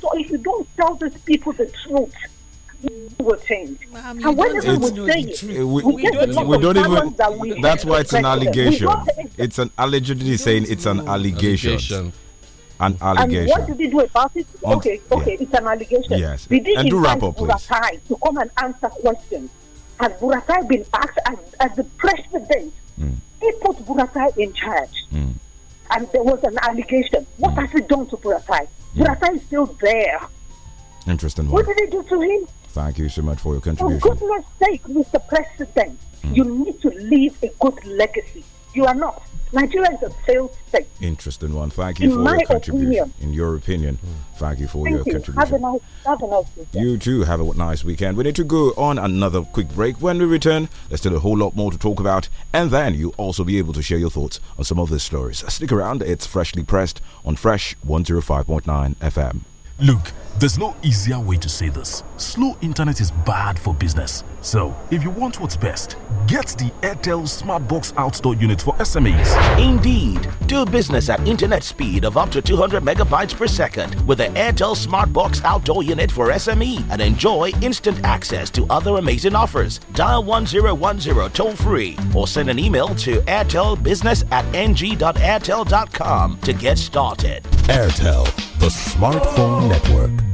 don't if you don't tell these people the truth, will change. I mean, and whenever we say it, we, don't, even. That we that's why it's an allegation. It's an allegedly saying it's an allegation. An allegation. And what did he do about it? Okay, okay, yeah. it's an allegation. Yes. Did and do wrap up, Buratai please. to come and answer questions? Has Buratai been asked as, as the president? Mm. He put Buratai in charge, mm. and there was an allegation. What mm. has he done to Buratai? Yeah. is still there. Interesting. What did they do to him? Thank you so much for your contribution. For goodness sake, Mr. President, mm. you need to leave a good legacy. You are not. Nigeria is a failed state. Interesting one. Thank you in for my your contribution. Opinion. In your opinion, thank you for thank your you. contribution. Have a, nice, have a nice weekend. You too. Have a nice weekend. We need to go on another quick break. When we return, there's still a whole lot more to talk about, and then you'll also be able to share your thoughts on some of these stories. Stick around. It's freshly pressed on Fresh 105.9 FM. Look, there's no easier way to say this. Slow internet is bad for business. So, if you want what's best, get the Airtel Smartbox outdoor unit for SMEs. Indeed, do business at internet speed of up to 200 megabytes per second with the Airtel Smartbox outdoor unit for SME and enjoy instant access to other amazing offers. Dial 1010 toll free or send an email to airtelbusiness at ng.airtel.com to get started. Airtel, the smartphone network.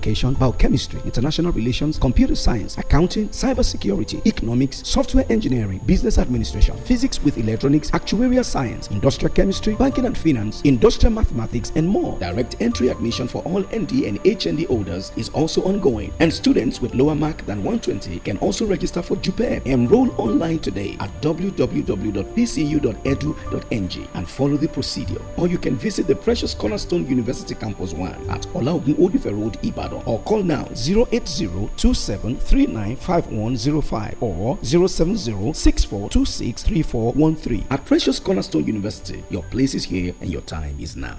biochemistry, international relations, computer science, accounting, cybersecurity, economics, software engineering, business administration, physics with electronics, actuarial science, industrial chemistry, banking and finance, industrial mathematics, and more. Direct entry admission for all ND and HND holders is also ongoing, and students with lower mark than 120 can also register for JUPEB. Enroll online today at www.pcu.edu.ng and follow the procedure. Or you can visit the precious Cornerstone University Campus 1 at Olaogun Odife Road, Ibadan Ibadan or call now 08027395105 or 07064263413 at Precious Cornerstone University. Your place is here and your time is now.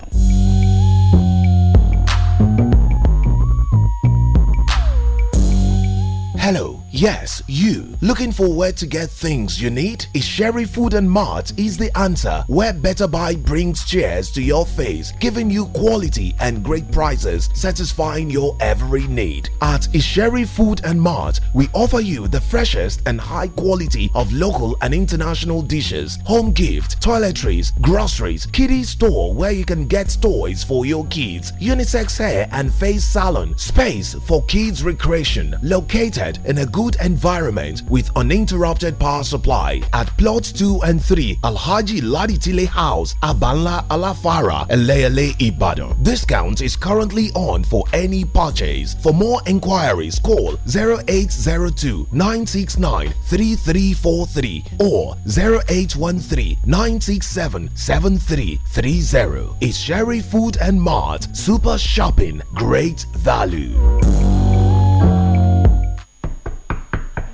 Yes, you. Looking for where to get things you need? Isheri Food and Mart is the answer. Where Better Buy brings chairs to your face, giving you quality and great prices, satisfying your every need. At Isheri Food and Mart, we offer you the freshest and high quality of local and international dishes, home gift, toiletries, groceries, kiddie store where you can get toys for your kids, unisex hair and face salon, space for kids recreation, located in a good environment with uninterrupted power supply at Plot 2 and 3 Alhaji Laditile House, Abanla Alafara, Eleele Ibadan. Discount is currently on for any purchase. For more inquiries, call 0802 969 3343 or 0813 967 7330. It's Sherry Food and Mart Super Shopping. Great value.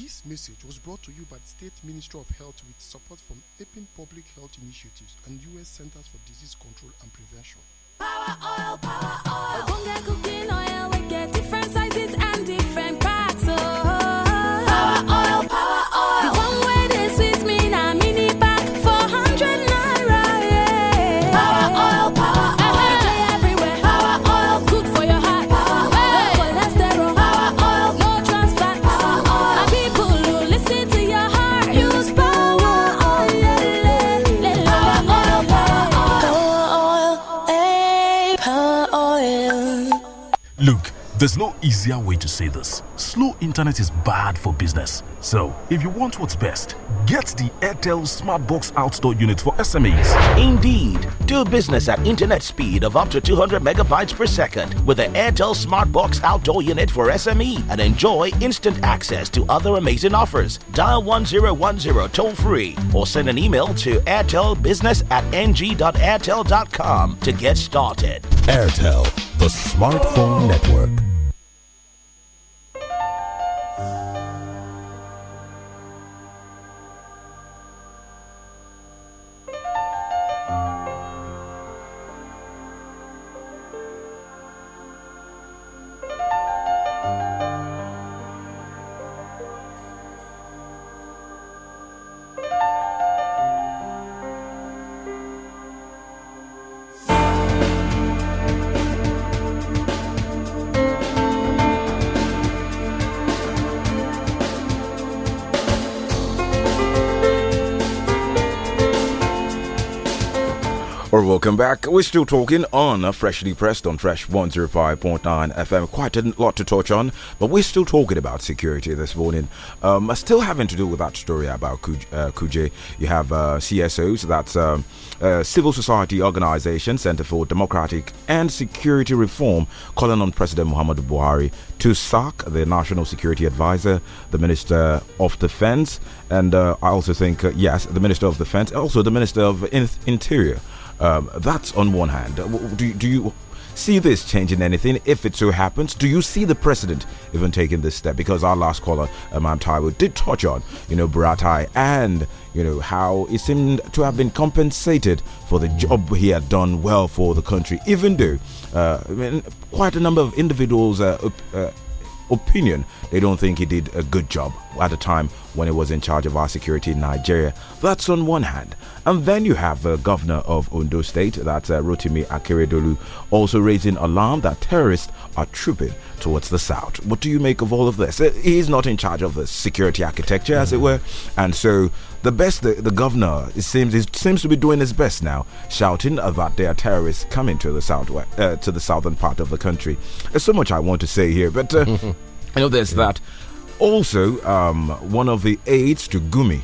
This message was brought to you by the State Ministry of Health with support from APIN Public Health Initiatives and U.S. Centers for Disease Control and Prevention. Power oil, power oil. There's no easier way to say this. Slow internet is bad for business. So, if you want what's best, get the Airtel Smartbox outdoor unit for SMEs. Indeed, do business at internet speed of up to 200 megabytes per second with the Airtel Smartbox outdoor unit for SME and enjoy instant access to other amazing offers. Dial 1010 toll free or send an email to airtelbusiness at ng.airtel.com to get started. Airtel the Smartphone Network. Welcome back. We're still talking on uh, Freshly Pressed on Fresh 105.9 FM. Quite a lot to touch on, but we're still talking about security this morning. Um, still having to do with that story about Kuje. Uh, you have uh, CSOs, that's um, uh, Civil Society Organization Center for Democratic and Security Reform, calling on President Muhammadu Buhari to sack the National Security Advisor, the Minister of Defense, and uh, I also think, yes, the Minister of Defense, also the Minister of Interior. Um, that's on one hand. Do, do you see this changing anything if it so happens? Do you see the president even taking this step? Because our last caller, Imam uh, Taiwo, did touch on, you know, Buratai and, you know, how he seemed to have been compensated for the job he had done well for the country, even though uh, I mean, quite a number of individuals. Uh, uh, opinion, they don't think he did a good job at the time when he was in charge of our security in Nigeria. That's on one hand. And then you have the uh, governor of Ondo State, that's uh, Rotimi Akeredolu, also raising alarm that terrorists are trooping towards the south. What do you make of all of this? Uh, he's not in charge of the security architecture, as mm -hmm. it mm-hmm. were. And so the best, the, the governor it seems it seems to be doing his best now, shouting that there are terrorists coming to the south, uh, to the southern part of the country. There's so much I want to say here, but. I uh, know, there's yeah. that also, um, one of the aides to Gumi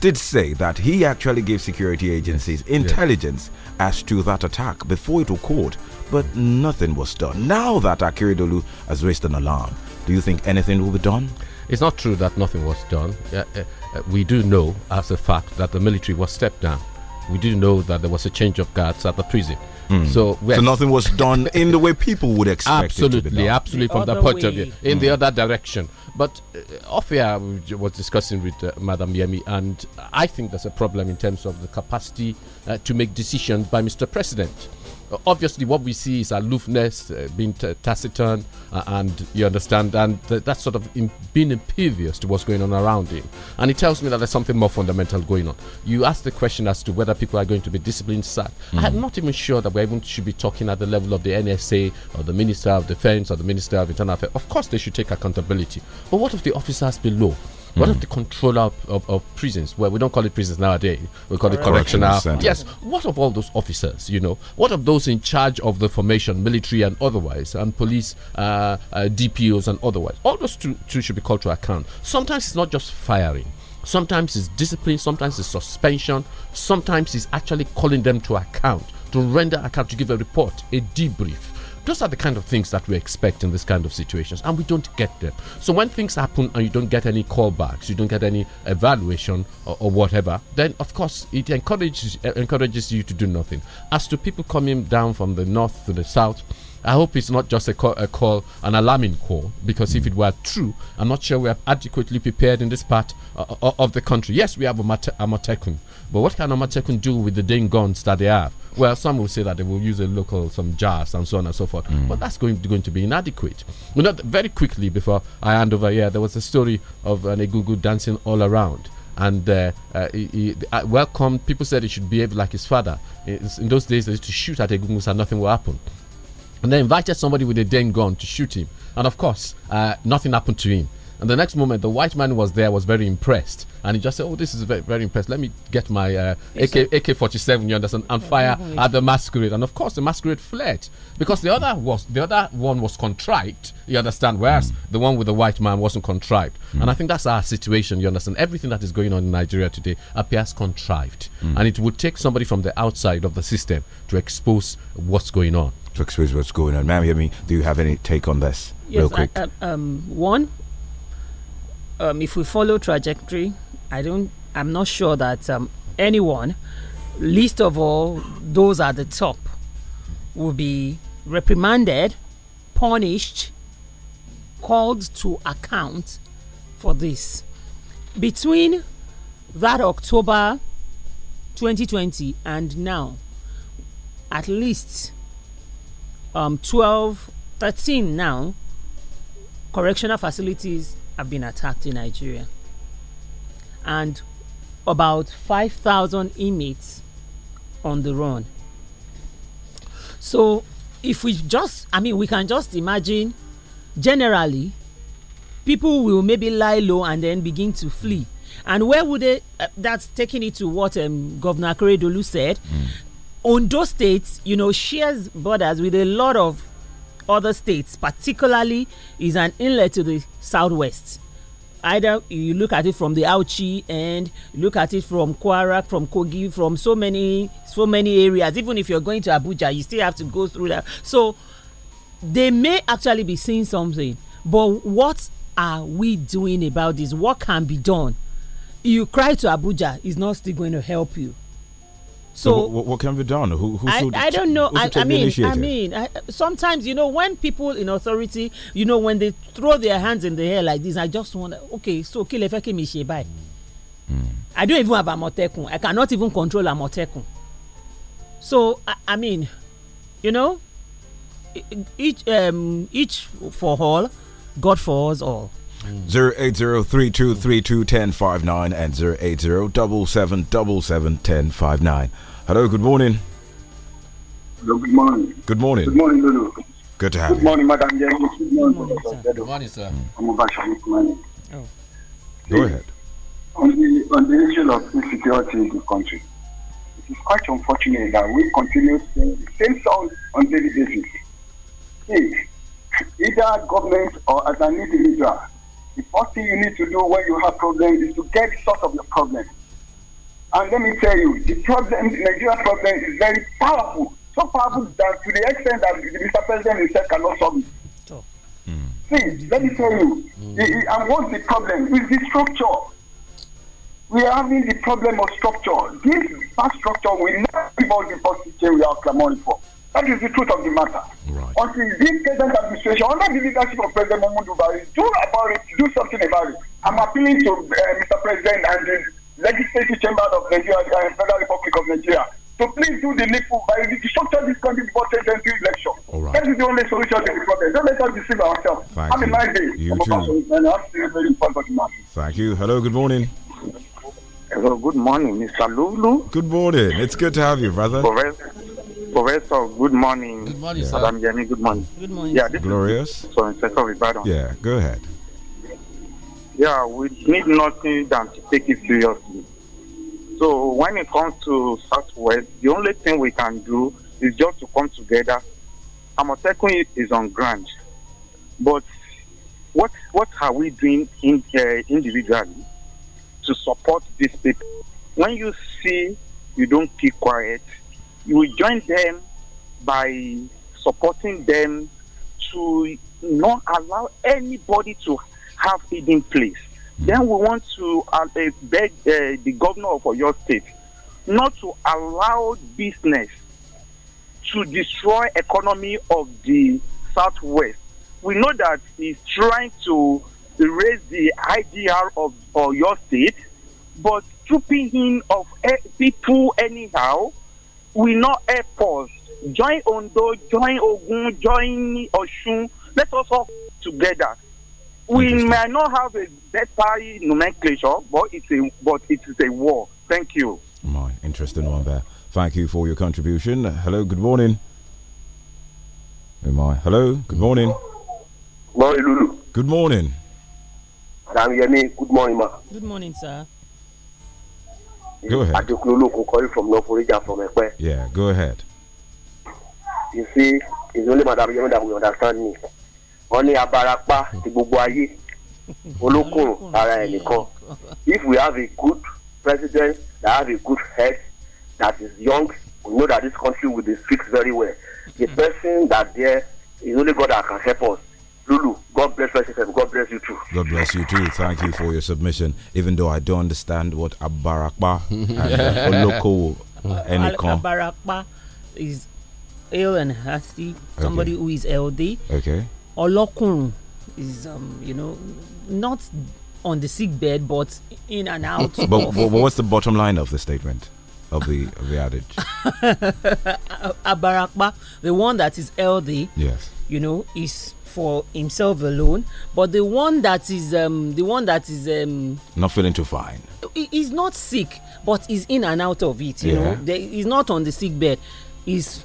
did say that he actually gave security agencies intelligence as to that attack before it occurred, but nothing was done. Now that Akiridolu has raised an alarm, do you think anything will be done? It's not true that nothing was done. Uh, uh, uh, we do know, as a fact, that the military was stepped down. We do know that there was a change of guards at the prison. Mm. So, so nothing was done in the way people would expect. Absolutely, absolutely, the from that point way. of view, in mm. the hmm. other direction. But uh, off I was discussing with uh, Madam Yemi, and I think there's a problem in terms of the capacity uh, to make decisions by Mr. President. Uh, obviously, what we see is aloofness, uh, being taciturn, uh, and you understand, and th- that sort of in, being impervious to what's going on around him. And it tells me that there's something more fundamental going on. You asked the question as to whether people are going to be disciplined, sacked. Mm. Mm-hmm. I'm not even sure that we even should be talking at the level of the NSA or the Minister of Defense or the Minister of Internal Affairs. Of course, they should take accountability. But what of the officers below? What mm. the controller of, of, of, prisons, well, we don't call it prisons nowadays, we call it correctional. correctional yes. What of all those officers, you know? What of those in charge of the formation, military and otherwise, and police, uh, uh, DPOs and otherwise? All those two, two should be called to account. Sometimes it's not just firing sometimes it's discipline, sometimes it's suspension, sometimes it's actually calling them to account, to render account, to give a report, a debrief. Those are the kind of things that we expect in this kind of situations, and we don't get them. So when things happen and you don't get any callbacks, you don't get any evaluation or, or whatever, then of course it encourages uh, encourages you to do nothing. As to people coming down from the north to the south. I hope it's not just a call, a call, an alarming call, because if it were true, I'm not sure we are adequately prepared in this part uh, uh of the country. Yes, we have a Amatekun, but what can Amatekun do with the dang guns that they have? Well, some will say that they will use a local, some jazz, and so on and so forth. Mm. But that's going to, going to be inadequate. Well, not very quickly before I hand over here, there was a story of an Egungu dancing all around and uh, uh, he, he, uh, welcome. People said he should behave like his father. It's, in those days, they used to shoot at Egungus and nothing will happen. And they invited somebody with a den gun to shoot him, and of course, uh, nothing happened to him. And the next moment, the white man was there, was very impressed. And he just said, Oh, this is very, very impressed. Let me get my uh, AK, 47, you understand, and fire at the masquerade. And of course, the masquerade fled because the other was the other one was contrived, you understand, whereas mm. the one with the white man wasn't contrived. Mm. And I think that's our situation, you understand. Everything that is going on in Nigeria today appears contrived. Mm. And it would take somebody from the outside of the system to expose what's going on to expose what's going on. Ma'am, I mean, do you have any take on this, yes, real quick? I, I, um, one, um, if we follow trajectory, I don't, I'm not sure that um, anyone, least of all those at the top, will be reprimanded, punished, called to account for this. Between that October 2020 and now, at least um, 12, 13 now, correctional facilities have been attacked in Nigeria. And about 5,000 inmates on the run. So, if we just, I mean, we can just imagine generally, people will maybe lie low and then begin to flee. And where would they, uh, that's taking it to what um, Governor Koredolu said. Mm. On those states, you know, shares borders with a lot of other states, particularly, is an inlet to the southwest. Either you look at it from the Auchi and look at it from Kwara, from Kogi, from so many, so many areas. Even if you're going to Abuja, you still have to go through that. So they may actually be seeing something, but what are we doing about this? What can be done? You cry to Abuja is not still going to help you so, so what, what, can be done? Who, who should, I, I don't know. I, I, mean, I mean, I mean, sometimes you know when people in authority, you know, when they throw their hands in the air like this, I just want okay. So kill if I can mm. I don't even have a Amotekun. I cannot even control a Amotekun. So I, I mean, you know, each um each for all, God for us all. 08032321059 and 08077771059. Hello, good morning. Hello, good morning. Good morning. Good morning, Lulu. Good to have good you. Morning, Madam Good morning, Sir. Good morning, sir. I'm about to Oh. Go ahead. On the, on the issue of insecurity in the country, it is quite unfortunate that we continue seeing the same song on daily basis. If either government or as an individual the first thing you need to do when you have problems is to get sort of your problem. And let me tell you, the problem, the Nigerian problem is very powerful. So powerful that to the extent that Mr. President himself cannot solve it. See, let me tell you, mm. it, and what's the problem? Is the structure. We are having the problem of structure. This bad structure will not give us the positive we are clamoring for. That is the truth of the matter. Right. Until this present administration, under the leadership of President Mahmoud Buhari, do about it, do something about it. I'm appealing to uh, Mr. President and the Legislative Chamber of Nigeria and uh, Federal Republic of Nigeria to so please do the needful by restructuring this country before 2023 election. All right. That is the only solution to the problem. Don't let us deceive ourselves. Thank am you. a nice day. You too. Thank you. Hello, good morning. Hello, good morning, Mr. Lulu. Good morning. It's good to have you, brother. Professor, good morning. Good morning, yeah. sir. good morning. Good morning. Yeah, this Glorious. Is, so, Inspector of Ibadan. Yeah, go ahead. Yeah, we need nothing than to take it seriously. So, when it comes to Southwest, the only thing we can do is just to come together. Amotekun is on ground, but what what are we doing in, uh, individually to support these people? When you see you don't keep quiet, we join them by supporting them to not allow anybody to have hidden place. Then we want to uh, uh beg uh, the governor of your state not to allow business to destroy economy of the southwest. We know that he's trying to raise the IDR of, of your state, but trooping in of eh, people anyhow will not help us. Join Ondo, join Ogun, join Oshun. Let us all together. We may not have a better nomenclature, but it's a but it is a war. Thank you. My interesting one there. Thank you for your contribution. Hello, good morning. my, hello, good morning. Morning, Lulu. Good morning. good morning, ma. Good morning, sir. Go ahead. Adekunlu calling from North Orija from Ekwe. Yeah, go ahead. You see, it's only Madam Yomi that will understand me. Wọ́n ní abarapá ti gbogbo ayé olókùn ara If we have a good president that have a good head that is young, we know that this country will be fixed very well. The mm-hmm. person that there is only God that can help us. Lulu, God bless Fresh FM. God bless you too. God bless you too. Thank you for your submission. Even though I don't understand what Abarakpa and uh, Oloko uh, Enikon. Abarakpa is ill and healthy, somebody okay. who is healthy. Okay. Olokun is, um, you know, not on the sick bed, but in and out. but, but, what's the bottom line of the statement? of the of the adage. Abarakba, the one that is healthy, yes, you know, is for himself alone but the one that is um, the one that is um, not feeling too fine he's not sick but he's in and out of it you yeah. know he's not on the sick bed he's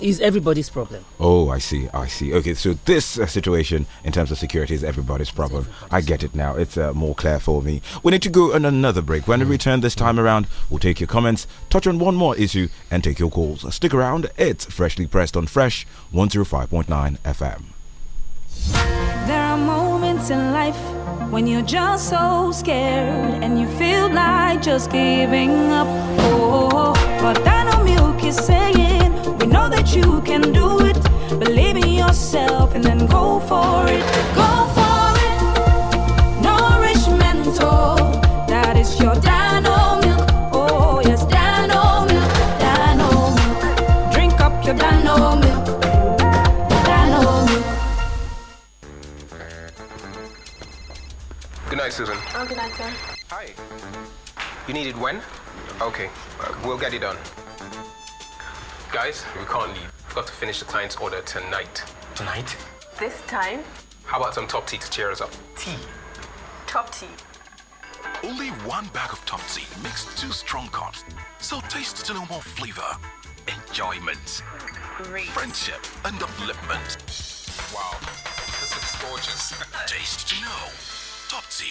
is everybody's problem. Oh, I see, I see. Okay, so this uh, situation in terms of security is everybody's problem. Everybody's I get it now. It's uh, more clear for me. We need to go on another break. When mm. we return this time around, we'll take your comments, touch on one more issue, and take your calls. Stick around. It's freshly pressed on Fresh 105.9 FM. There are moments in life when you're just so scared and you feel like just giving up. Oh, but Dino Milk is saying, We know that you can do it. Believe in yourself and then go for it. Go Susan. Oh, good Hi. You need it when? Okay, we'll get it done. Guys, we can't leave. We've got to finish the client's order tonight. Tonight? This time? How about some top tea to cheer us up? Tea. Top tea. Only one bag of top tea makes two strong cups. So taste to know more flavor, enjoyment, Great. friendship, and upliftment. Wow, this is gorgeous. taste to know. Topsy.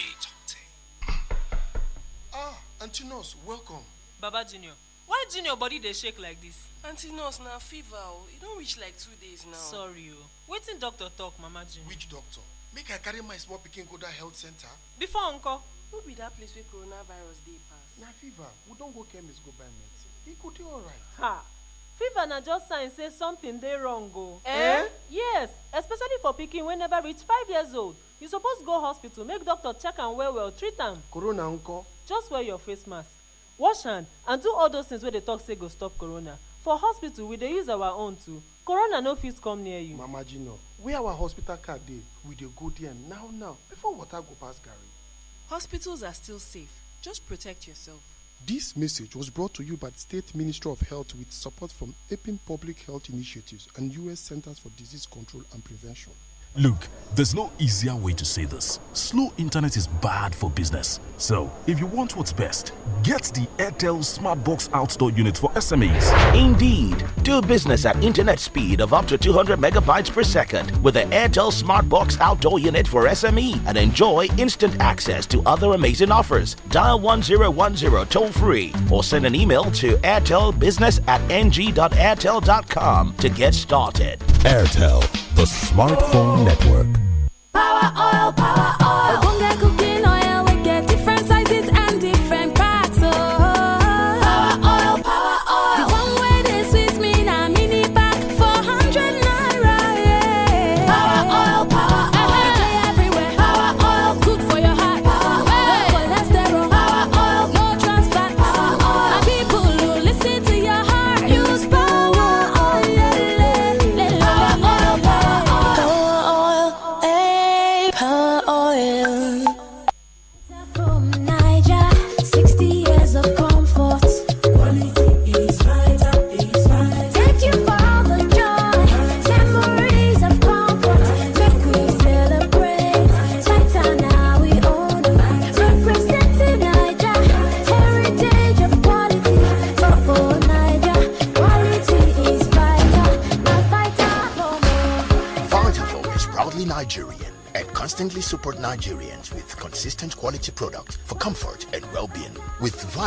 Ah, Auntie Nurse, welcome. Baba Junior, why Junior body dey shake like this? Auntie Nurse, na fever o. E don reach like two days now. Sorry o. Wetin doctor talk, Mama Junior? Which doctor? Make I carry my small pikin go that health center. Before uncle. Who be that place where coronavirus dey pass? Na fever. We don go chemist go buy medicine. E go dey alright. Ha! fever na just sign say something dey wrong o. Eh? yes especially for pikin wey never reach five years old you suppose go hospital make doctor check am well well treat am corona nko just wear your face mask wash hand and do all those things wey dey talk say go stop corona for hospital we dey use our own too corona no fit come near you mama jino where our hospital card dey we dey go there now now before water go pass garri hospitals are still safe just protect yourself This message was brought to you by the State Ministry of Health with support from APIN Public Health Initiatives and U.S. Centers for Disease Control and Prevention. Look, there's no easier way to say this. Slow internet is bad for business. So, if you want what's best, get the Airtel Smartbox outdoor unit for SMEs. Indeed, do business at internet speed of up to 200 megabytes per second with the Airtel Smartbox outdoor unit for SME and enjoy instant access to other amazing offers. Dial 1010 toll free or send an email to airtelbusiness at ng.airtel.com to get started. Airtel, the smartphone Network. Power oil, power oil.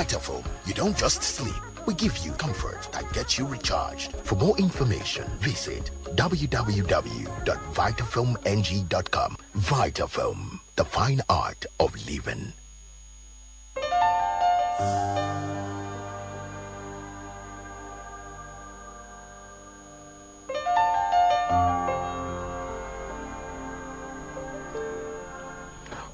Vitafilm, you don't just sleep. We give you comfort that gets you recharged. For more information, visit www.vitafilmng.com. Vitafilm, the fine art of living.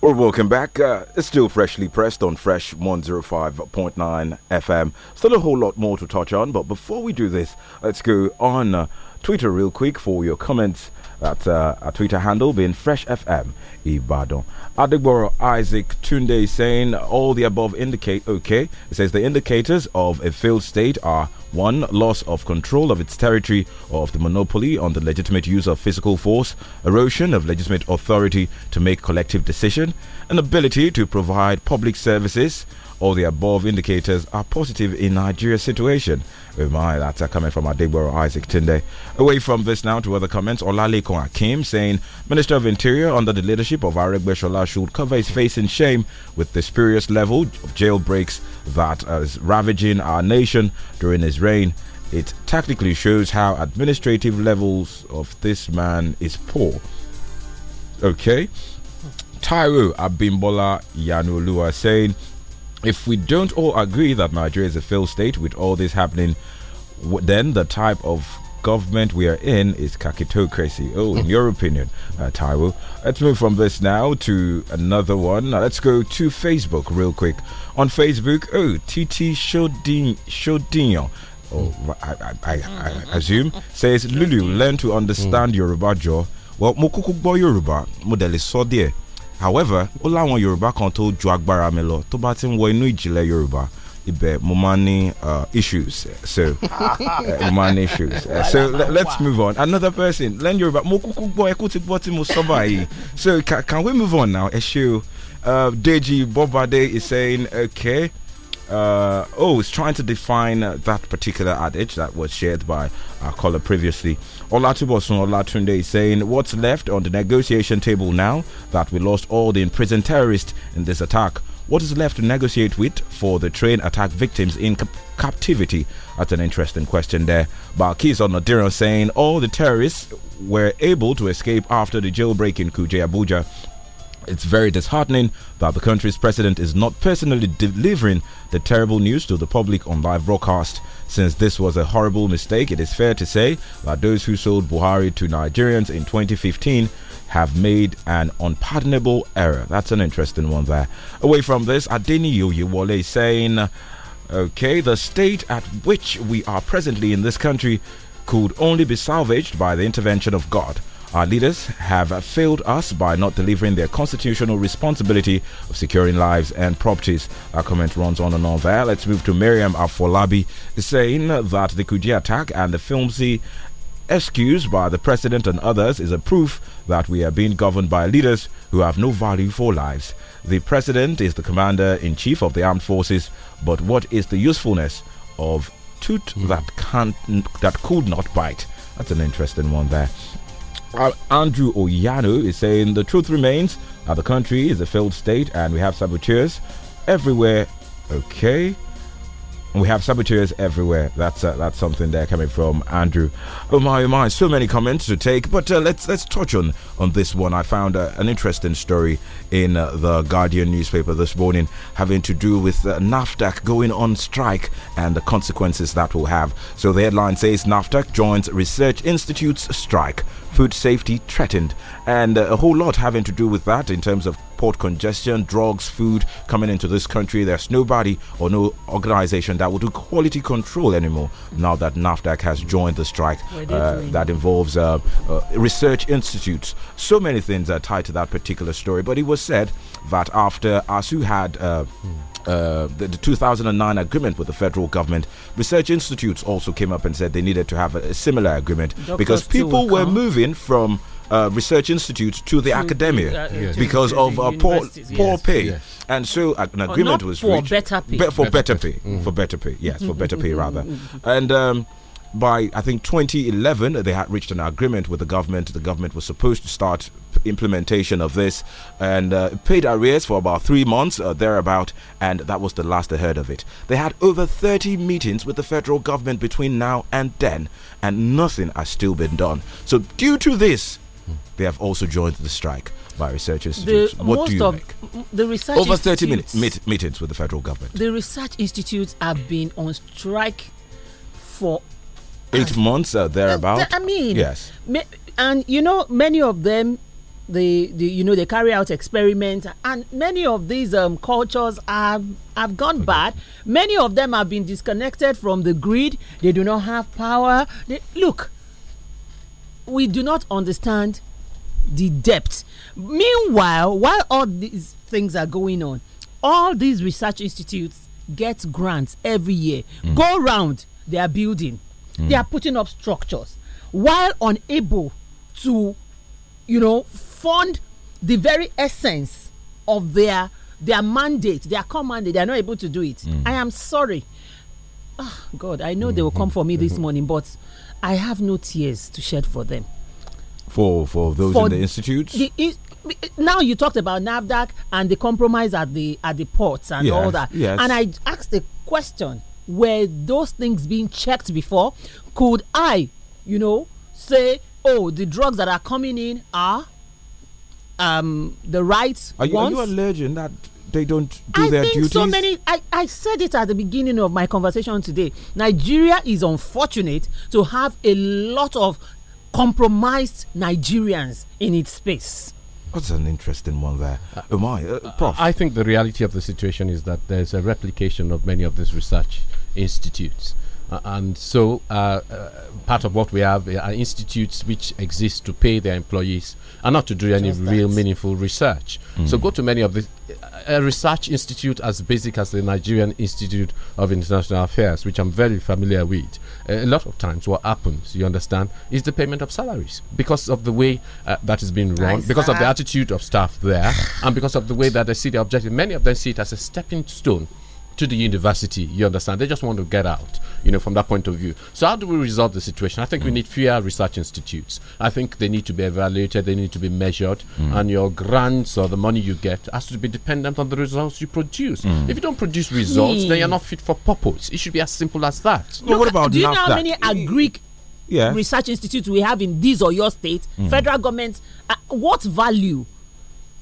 Well, welcome back. Uh, it's still freshly pressed on Fresh 105.9 FM. Still a whole lot more to touch on, but before we do this, let's go on uh, Twitter real quick for your comments at uh, our Twitter handle being Fresh FM Ibadan. Adegboro Isaac Tunde saying all the above indicate okay. It says the indicators of a failed state are one, loss of control of its territory or of the monopoly on the legitimate use of physical force, erosion of legitimate authority to make collective decision, and ability to provide public services. All the above indicators are positive in Nigeria's situation. With my, that's uh, coming from Adegboro Isaac Tinde, Away from this now to other comments, Olalekan Akim saying, Minister of Interior under the leadership of Aregbeshola should cover his face in shame with the spurious level of jailbreaks that is ravaging our nation during his reign. It tactically shows how administrative levels of this man is poor. Okay. Tyro Abimbola Yanulua saying, if we don't all agree that Nigeria is a failed state with all this happening, then the type of government we are in is kakitocracy. Oh, in hmm. your opinion, uh, Taiwo. Let's move from this now to another one. Now let's go to Facebook real quick. On Facebook, oh, TT Shodin, Shodin, Oh, I, I, I, I mm-hmm. assume says Lulu, learn to understand hmm. Yoruba jaw. Well, mokuku boy Yoruba, modeli so however ó láwọn yorùbá kan tó ju agbára mi lọ tó bá ti ń wọ inú ìjìnlẹ̀ yorùbá ibẹ̀ mo máa ní uh, issues so eh, mo máa ní issues eh, so let's move on another person lẹ́yìn yorùbá mo kúkú gbọ́ ẹkú ti gbọ́ tí mo sọ báyìí so can we move on now ẹ ṣe o uh, Deji Bobade is saying okay. Uh, oh, it's trying to define uh, that particular adage that was shared by our caller previously. Olatubosun Olatunde is saying, What's left on the negotiation table now that we lost all the imprisoned terrorists in this attack? What is left to negotiate with for the train attack victims in cap captivity? That's an interesting question there. Barkis on Nadiran saying, All the terrorists were able to escape after the jailbreak in Kuje Abuja. It's very disheartening that the country's president is not personally delivering the terrible news to the public on live broadcast. Since this was a horrible mistake, it is fair to say that those who sold Buhari to Nigerians in 2015 have made an unpardonable error. That's an interesting one there. Away from this, Adeni Yoyiwole is saying, okay, the state at which we are presently in this country could only be salvaged by the intervention of God. Our leaders have failed us by not delivering their constitutional responsibility of securing lives and properties. Our comment runs on and on there. Let's move to Miriam Afolabi saying that the Kuji attack and the filmsy excuse by the president and others is a proof that we are being governed by leaders who have no value for lives. The president is the commander in chief of the armed forces, but what is the usefulness of tooth hmm. that can't that could not bite? That's an interesting one there. Andrew Oyano is saying the truth remains uh, the country is a failed state and we have saboteurs everywhere. Okay. We have saboteurs everywhere. That's uh, that's something there coming from Andrew. Oh my, oh my! So many comments to take, but uh, let's let's touch on on this one. I found uh, an interesting story in uh, the Guardian newspaper this morning, having to do with uh, NAFTAC going on strike and the consequences that will have. So the headline says NAFTAC joins research institutes strike food safety threatened, and uh, a whole lot having to do with that in terms of port congestion, drugs, food coming into this country. There's nobody or no organization that will do quality control anymore now that NAFTAC has joined the strike uh, that involves uh, uh, research institutes. So many things are tied to that particular story, but it was said that after ASU had. Mm uh, the, the, 2009 agreement with the federal government, research institutes also came up and said they needed to have a, a similar agreement Doctors because people were moving from uh, research institutes to the to academia uh, the, uh, yes. because the, of poor poor yes. pay, yes. and so an agreement was for reached better pay. Be, for better, better pay, pay. Mm. Mm-hmm. for better pay, yes, for better pay rather, mm-hmm. and. Um, by I think 2011, they had reached an agreement with the government. The government was supposed to start implementation of this and uh, paid arrears for about three months uh, thereabout, and that was the last I heard of it. They had over 30 meetings with the federal government between now and then, and nothing has still been done. So, due to this, they have also joined the strike by researchers. what do you of, make? The research over 30 minutes meet, meetings with the federal government. The research institutes have been on strike for eight months uh, thereabout. I mean, yes, and you know, many of them the, the you know they carry out experiments and many of these um, cultures have have gone bad many of them have been disconnected from the grid they do not have power they, look we do not understand the depth meanwhile while all these things are going on all these research institutes get grants every year mm. go round they are building mm. they are putting up structures while unable to you know fund the very essence of their their mandate, their command, they are not able to do it. Mm. I am sorry. Oh, God, I know mm they will mm-hmm. come for me this mm-hmm. morning, but I have no tears to shed for them. For for those for in the institutes. The, it, now you talked about Navdac and the compromise at the at the ports and yes, all that. Yes. And I asked the question: Were those things being checked before? Could I, you know, say, oh, the drugs that are coming in are um, the right are you, ones. Are you alleging that they don't do I their think So many. I, I said it at the beginning of my conversation today. Nigeria is unfortunate to have a lot of compromised Nigerians in its space. That's an interesting one there. Uh, Am I, uh, uh, Prof? I think the reality of the situation is that there's a replication of many of these research institutes. Uh, and so, uh, uh, part of what we have are institutes which exist to pay their employees and not to do any Just real that. meaningful research. Mm. So, go to many of the uh, a research institute as basic as the Nigerian Institute of International Affairs, which I'm very familiar with. a lot of times, what happens, you understand, is the payment of salaries because of the way uh, that is being run, nice because that. of the attitude of staff there, and because of the way that they see the objective. Many of them see it as a stepping stone to the university. You understand? They just want to get out, you know, from that point of view. So, how do we resolve the situation? I think mm. we need fewer research institutes. I think they need to be evaluated, they need to be measured, mm. and your grants or the money you get has to be dependent on the results you produce. Mm. If you don't produce results, then you're not fit for purpose. It should be as simple as that. Look, what about do you know how many agric yeah. research institutes we have in this or your state? Mm. Federal government, uh, what value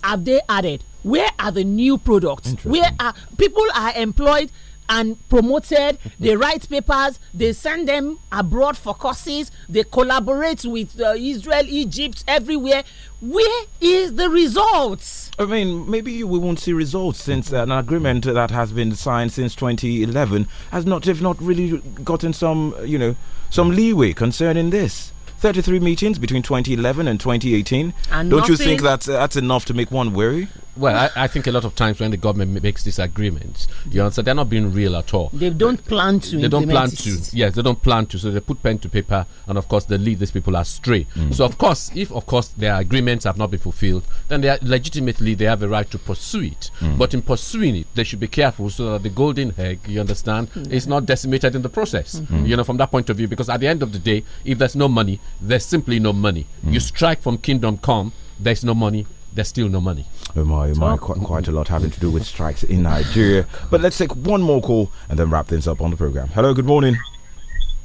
have they added? where are the new products where are people are employed and promoted they write papers they send them abroad for courses they collaborate with uh, israel egypt everywhere where is the results i mean maybe we won't see results since uh, an agreement that has been signed since 2011 has not if not really gotten some you know some leeway concerning this 33 meetings between 2011 and 2018. And Don't nothing. you think that uh, that's enough to make one worry? Well, I, I, think a lot of times when the government makes these agreements, you answer they're not being real at all. They don't plan to. They don't plan it. to. Yes, they don't plan to. So they put pen to paper, and of course, they lead these people astray. Mm. So, of course, if of course their agreements have not been fulfilled, then they are, legitimately they have a right to pursue it. Mm. But in pursuing it, they should be careful so that the golden egg, you understand, mm. is not decimated in the process. -hmm. You know, from that point of view, because at the end of the day, if there's no money, there's simply no money. You mm. strike from kingdom come, there's no money, there's still no money oh my, quite, quite a lot having to do with strikes in Nigeria. But let's take one more call and then wrap things up on the program. Hello, good morning.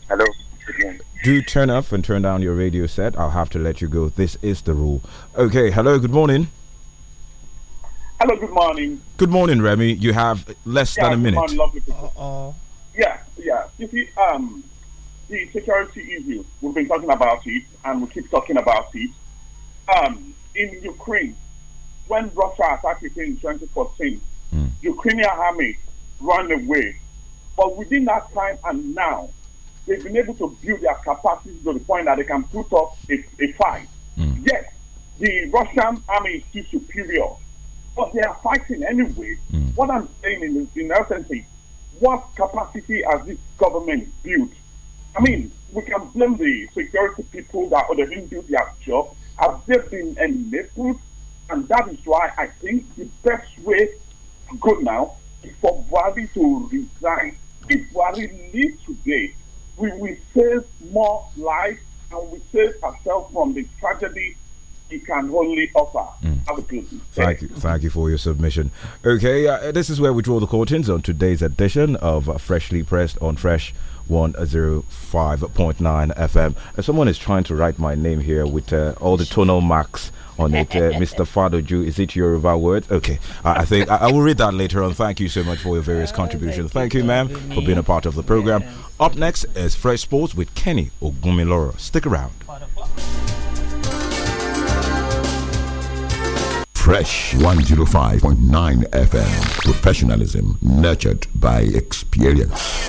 Hello. Do turn off and turn down your radio set. I'll have to let you go. This is the rule. Okay, hello, good morning. Hello, good morning. Good morning, Remy. You have less yeah, than a minute. Morning, uh -oh. Yeah, yeah. You see, um, the security issue, we've been talking about it and we keep talking about it. Um, in Ukraine, when Russia attacked Ukraine in 2014, mm. Ukrainian army ran away. But within that time and now, they've been able to build their capacity to the point that they can put up a, a fight. Mm. Yes, the Russian army is still superior, but they are fighting anyway. Mm. What I'm saying in, in essence is, what capacity has this government built? I mean, we can blame the security people that oh, they didn't do their job. Have they been enabled? And that is why I think the best way to go now is for Buhari to resign. If Buhari leaves today, we will save more lives and we save ourselves from the tragedy it can only offer. Mm. Thank you. Thank you for your submission. Okay, uh, this is where we draw the curtains on today's edition of uh, Freshly Pressed on Fresh 105.9 FM. Uh, someone is trying to write my name here with uh, all the tonal marks on it. Uh, Mr. Fadoju, is it Yoruba word? Okay, I, I think I, I, will read that later on. Thank you so much for your various oh, contributions. Thank, thank you, you ma'am, for being a part of the program. Yes. Up next is Fresh Sports with Kenny Ogumiloro. Stick around. Fresh 105.9 FM. Professionalism nurtured by experience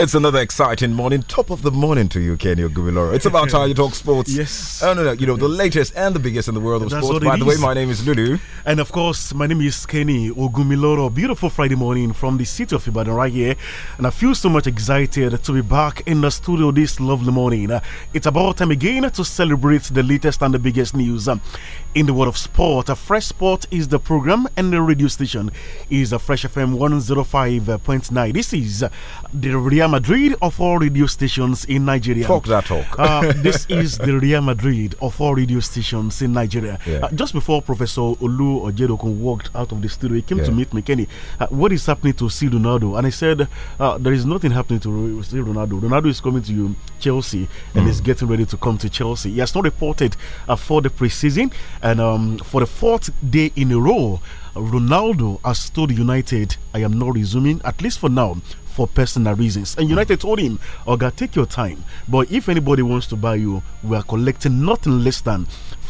It's another exciting morning. Top of the morning to you, Kenny Ogumiloro. It's about how you talk sports. Yes. Oh, no, no. You know, the latest and the biggest in the world of That's sports. By the is. way, my name is Lulu. And of course, my name is Kenny Ogumiloro. Beautiful Friday morning from the city of Ibadan right here. And I feel so much excited to be back in the studio this lovely morning. Uh, it's about time again to celebrate the latest and the biggest news um, in the world of sport. A Fresh Sport is the program and the radio station is a Fresh FM 105.9. This is uh, the real Real Madrid of all radio stations in Nigeria. Talk that talk. uh, this is the Real Madrid of all radio stations in Nigeria. Yeah. Uh, just before Professor Olu Ojedokun walked out of the studio, he came yeah. to meet McKenny. Uh, what is happening to C. Ronaldo? And I said, uh, There is nothing happening to C. Ronaldo. Ronaldo is coming to you, Chelsea and mm. is getting ready to come to Chelsea. He has not reported uh, for the preseason and um, for the fourth day in a row. Ronaldo has told United, I am not resuming, at least for now, for personal reasons. And United hmm. told him, Oga, take your time. But if anybody wants to buy you, we are collecting nothing less than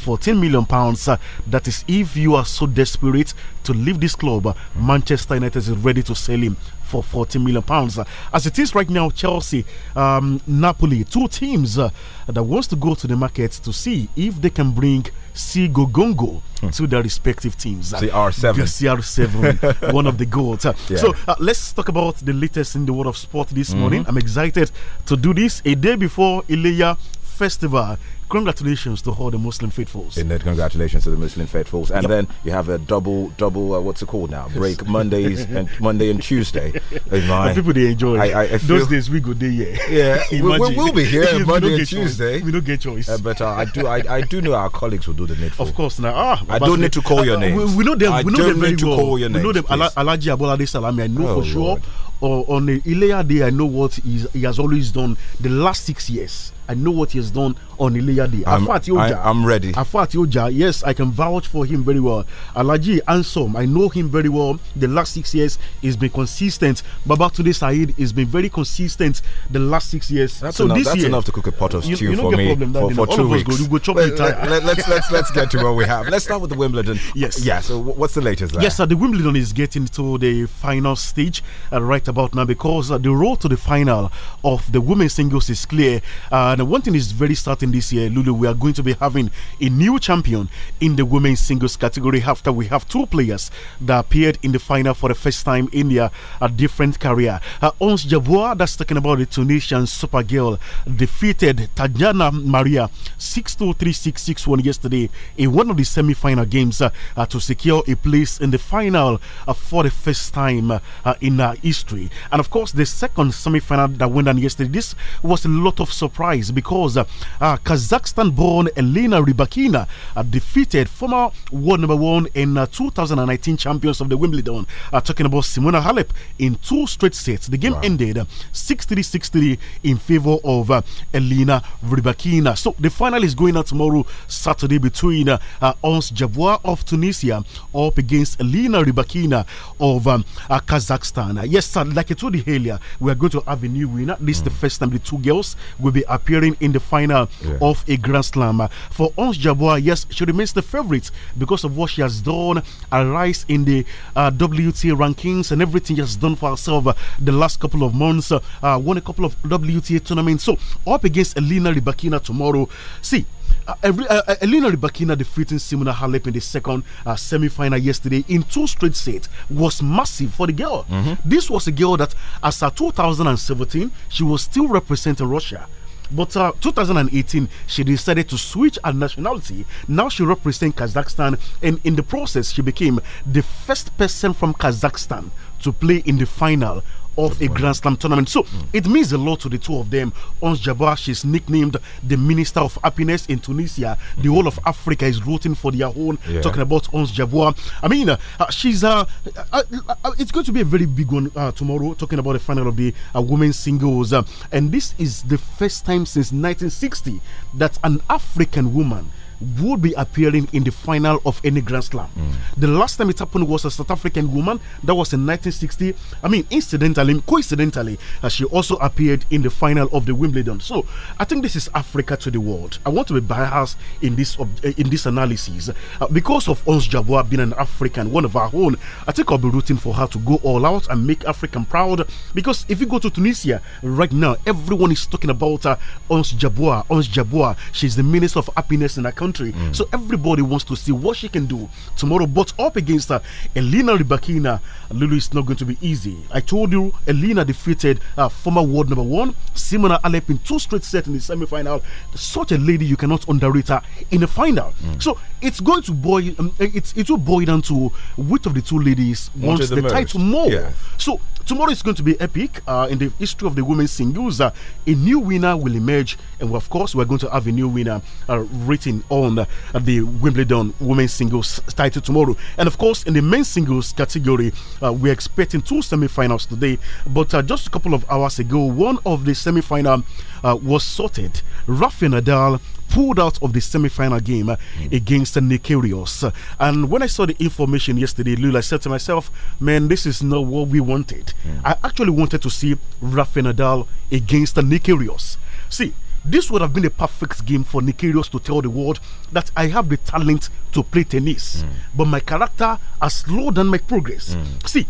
14 million pounds. Uh, that is, if you are so desperate to leave this club, uh, Manchester United is ready to sell him for 40 million pounds. As it is right now, Chelsea, um, Napoli, two teams uh, that wants to go to the market to see if they can bring Sigo Gongo hmm. to their respective teams. CR7. CR7, one of the goals. Uh, yeah. So uh, let's talk about the latest in the world of sport this mm -hmm. morning. I'm excited to do this a day before Ilea festival. Congratulations to all the Muslim faithfuls. Indeed, congratulations to the Muslim faithfuls. And yep. then you have a double, double, uh, what's it called now? Break Mondays and Monday and Tuesday. Oh my, people they enjoy. I, I, I Those days we go there, yeah. Yeah, we, will be here we Monday and Tuesday. Choice. We don't get choice. Uh, but uh, I do, I, do know our colleagues will do the needful. Of course, now ah, I don't need to call your uh, name. We, know them. we know them very well. We know them. Alaji Abolade Salami. I know oh, for sure. Lord. Or on a Ilea day, I know what he has always done the last six years I know what he has done on Ilya Day. I'm, Afati Oja. I, am ready. Afati Oja, yes, I can vouch for him very well. Alaji Ansom, I know him very well. The last six years, he's been consistent. Babatunde Said has been very consistent the last six years. That's, so enough, that's year, enough to cook a pot of stew you, you for me problem, for, for two weeks. Go, go let, let, let, let's, let's, let's get to what we have. Let's start with the Wimbledon. Yes. Yeah, so what's the latest there? Yes, sir, the Wimbledon is getting to the final stage uh, right about now because uh, the road to the final of the women's singles is clear. Uh, and one thing is very starting this year, Lulu, we are going to be having a new champion in the women's singles category after we have two players that appeared in the final for the first time in their a uh, different career. Uh, Ons Jabua, that's talking about the Tunisian super girl, defeated Tajana Maria 6 2 3 6 6 1 yesterday in one of the semi final games uh, uh, to secure a place in the final uh, for the first time uh, in history. And of course, the second semi final that went on yesterday, this was a lot of surprise is because uh, uh, Kazakhstan born Elena Rybakina uh, defeated former world number one and uh, 2019 champions of the Wimbledon, uh, talking about Simona Halep, in two straight sets. The game wow. ended uh, 6 3 6 3 in favor of Elena Rybakina. So the final is going on tomorrow, Saturday, between uh, Ons Jabwa of Tunisia up against Elena Rybakina of um, Kazakhstan. yes, sir, like I told you earlier, we are going to have a new winner. This is the hmm. first time the two girls will be appearing appearing in the final yeah. of a Grand Slam. For Ons Jabua, yes, she remains the favorite because of what she has done, her rise in the uh, WTA rankings, and everything she has done for herself uh, the last couple of months. Uh, won a couple of WTA tournaments. So, up against Elena Rybakina tomorrow. See, uh, uh, uh, Elena Rybakina defeating Simona Halep in the second uh, semi-final yesterday in two straight sets was massive for the girl. Mm -hmm. This was a girl that, as of 2017, she was still representing Russia but uh, 2018, she decided to switch her nationality. Now she represents Kazakhstan, and in the process, she became the first person from Kazakhstan to play in the final of a Grand Slam tournament. So mm. it means a lot to the two of them. Ons Jabbar is nicknamed the Minister of Happiness in Tunisia. The hmm. whole of Africa is rooting for their own. Yeah. Talking about Ons Jabbar. I mean, uh, uh she's uh, uh, uh, it's going to be a very big one uh, tomorrow. Talking about the final of the women's singles, and this is the first time since 1960 that an African woman would be appearing in the final of any Grand Slam. Mm. The last time it happened was a South African woman that was in 1960. I mean, incidentally, coincidentally, uh, she also appeared in the final of the Wimbledon. So I think this is Africa to the world. I want to be biased in this eh, in this analysis uh, because of Ons Jabua being an African, one of our own. I think I'll be rooting for her to go all out and make African proud. Because if you go to Tunisia right now, everyone is talking about uh, Ons Jabua. Ons Jabua, she's the minister of happiness in our country country. Mm. So everybody wants to see what she can do tomorrow. But up against her, Elena Rybakina, Lulu, is not going to be easy. I told you, Elena defeated uh, former world number one, Simona Alep, in two straight sets in the semi final. Such a lady, you cannot underrate her in the final. Mm. So it's going to boil, um, it will boil down to which of the two ladies wants the, the title more. Yeah. So tomorrow is going to be epic uh, in the history of the women's singles. Uh, a new winner will emerge, and of course, we're going to have a new winner uh, written on uh, the Wimbledon women's singles title tomorrow. And of course, in the men's singles category, uh, we're expecting two semi-finals today. But uh, just a couple of hours ago, one of the semi-final was sorted. Rafael Nadal pulled out of the semi final game mm. against Nikerios. And when I saw the information yesterday, Lula, I said to myself, man, this is not what we wanted. Mm. I actually wanted to see Rafa Nadal against Nikerios. See, this would have been a perfect game for Nikirios to tell the world that I have the talent to play tennis, mm. but my character has slowed down my progress. Mm. See,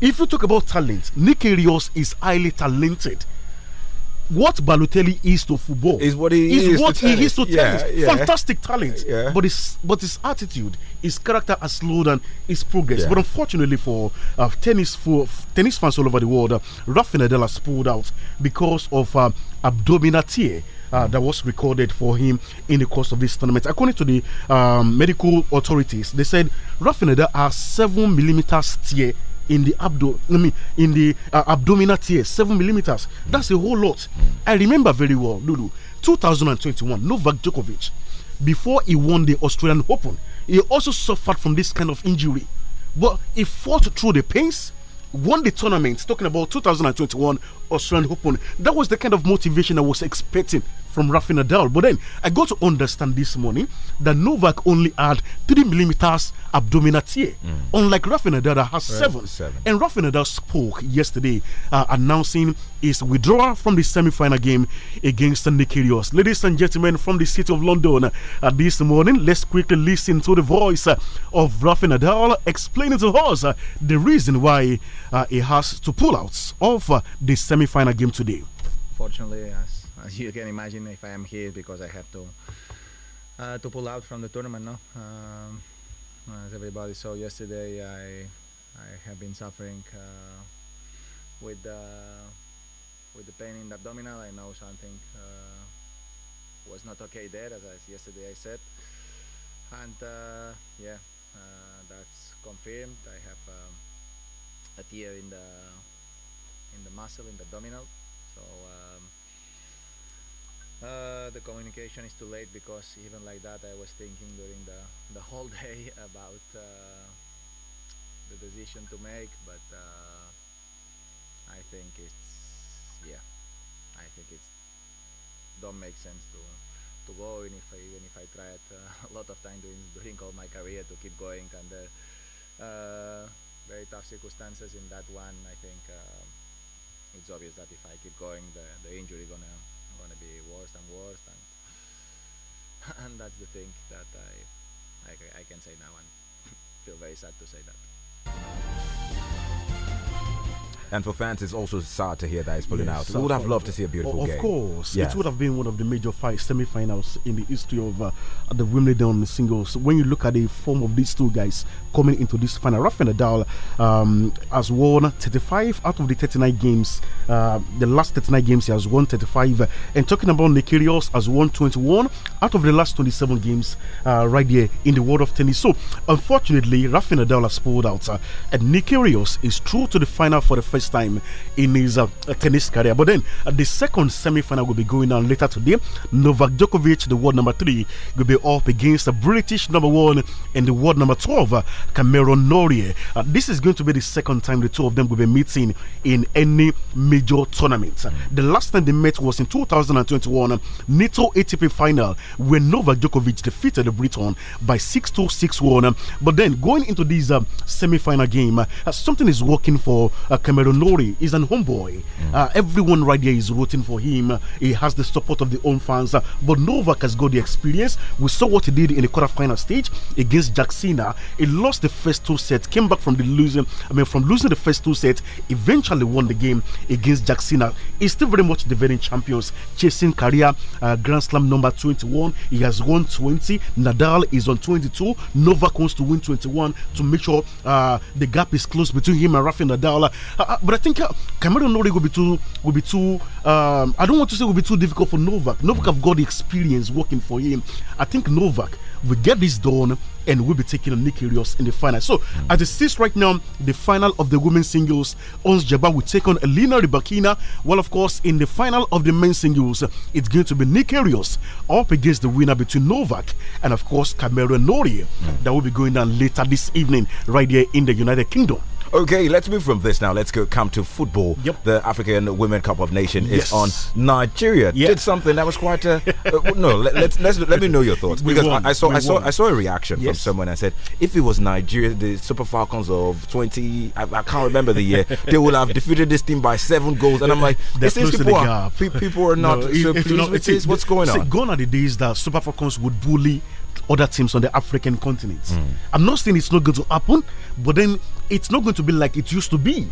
if you talk about talent, Nikirios is highly talented what Balotelli is to football is what he is, is what he is to tennis. Yeah, Fantastic talent, yeah. but his but his attitude, his character has slowed down his progress. But unfortunately for uh, tennis for tennis fans all over the world, uh, Rafa Nadal has pulled out because of uh, abdominal tear. Uh, that was recorded for him in the course of this tournament. According to the um, medical authorities, they said Rafa Nadal has seven millimeters tear in the abdo I mean, in the uh, abdominal tear, seven millimeters. That's a whole lot. I remember very well, Lulu, 2021, Novak Djokovic, before he won the Australian Open, he also suffered from this kind of injury. But he fought through the pains, won the tournament, talking about 2021 Australian Open. That was the kind of motivation I was expecting from Rafi Nadal. But then I got to understand this morning that Novak only had three millimeters abdominal tear, mm. unlike Rafi Nadal that has seven. seven. And Rafi Nadal spoke yesterday uh, announcing his withdrawal from the semi-final game against the Kyrgios. Ladies and gentlemen, from the city of London uh, this morning, let's quickly listen to the voice uh, of Rafi Nadal explaining to us uh, the reason why uh, he has to pull out of uh, the semi-final game today. Fortunately, yes as you can imagine, if I am here because I have to uh, to pull out from the tournament. No, um, as everybody saw yesterday, I I have been suffering uh, with the uh, with the pain in the abdominal. I know something uh, was not okay there, as I, yesterday I said, and uh, yeah, that's confirmed. I have um, a tear in the in the muscle in the abdominal, so. Uh, the communication is too late because even like that I was thinking during the, the whole day about uh, the decision to make but uh, I think it's yeah I think it's don't make sense to to go even if I, even if I tried uh, a lot of time during, during all my career to keep going under uh, uh, very tough circumstances in that one I think it's obvious that if I keep going the, the injury gonna gonna be worse and worse and and that's the thing that I I, I can say now and feel very sad to say that. And for fans, it's also sad to hear that he's pulling yes, out. We would have loved to see a beautiful of game. Of course. Yes. It would have been one of the major five semi finals in the history of uh, the Wimbledon singles. When you look at the form of these two guys coming into this final, Rafael Nadal um, has won 35 out of the 39 games. Uh, the last 39 games, he has won 35. And talking about Nikirios, has won 21 out of the last 27 games uh, right there in the world of tennis. So, unfortunately, Rafael Nadal has pulled out. Uh, and Nikirios is through to the final for the first first time in his uh, tennis career. But then uh, the second semi final will be going on later today. Novak Djokovic, the world number three, will be up against the British number one and the world number 12, uh, Cameron Norrie. Uh, this is going to be the second time the two of them will be meeting in any major tournament. The last time they met was in 2021 NATO ATP final, where Novak Djokovic defeated the Briton by 6 2 6 1. But then going into this uh, semi final game, uh, something is working for Cameron. Olori is an homeboy. Mm. Uh, everyone right there is rooting for him. He has the support of the home fans. But Novak has got the experience. We saw what he did in the quarterfinal stage against Jacksina. He lost the first two sets, came back from the losing. I mean, from losing the first two sets, eventually won the game against Jacksina. He's still very much defending champions, chasing career uh, Grand Slam number 21. He has won 20. Nadal is on 22. Novak wants to win 21 to make sure uh, the gap is close between him and Rafael Nadal. Uh, uh but I think uh, Cameron Norrie will be too will be too. Um, I don't want to say will be too difficult for Novak. Novak have got the experience working for him. I think Novak will get this done and we'll be taking on Nikirios in the final. So, mm. as it sits right now, the final of the women's singles, Ons Jabbar will take on Elena Rybakina. Well, of course, in the final of the men's singles, it's going to be Nikirios up against the winner between Novak and, of course, Cameron Norrie. Mm. That will be going down later this evening, right here in the United Kingdom. Okay, let's move from this now. Let's go come to football. Yep. The African Women Cup of Nations yes. is on. Nigeria yeah. did something that was quite. A, uh, uh no, let, us let's, let me know your thoughts because I, I, saw we I saw won. I saw a reaction yes. from someone. I said if it was Nigeria, the Super Falcons of 20, I, I can't remember the year, they would have defeated this team by seven goals. And I'm like, this is people are, people are not no, so if, if not, it, what's going on? Gone are the days that Super Falcons would bully other teams on the African continent. Mm. I'm not saying it's not going to happen, but then it's not going to be like it used to be.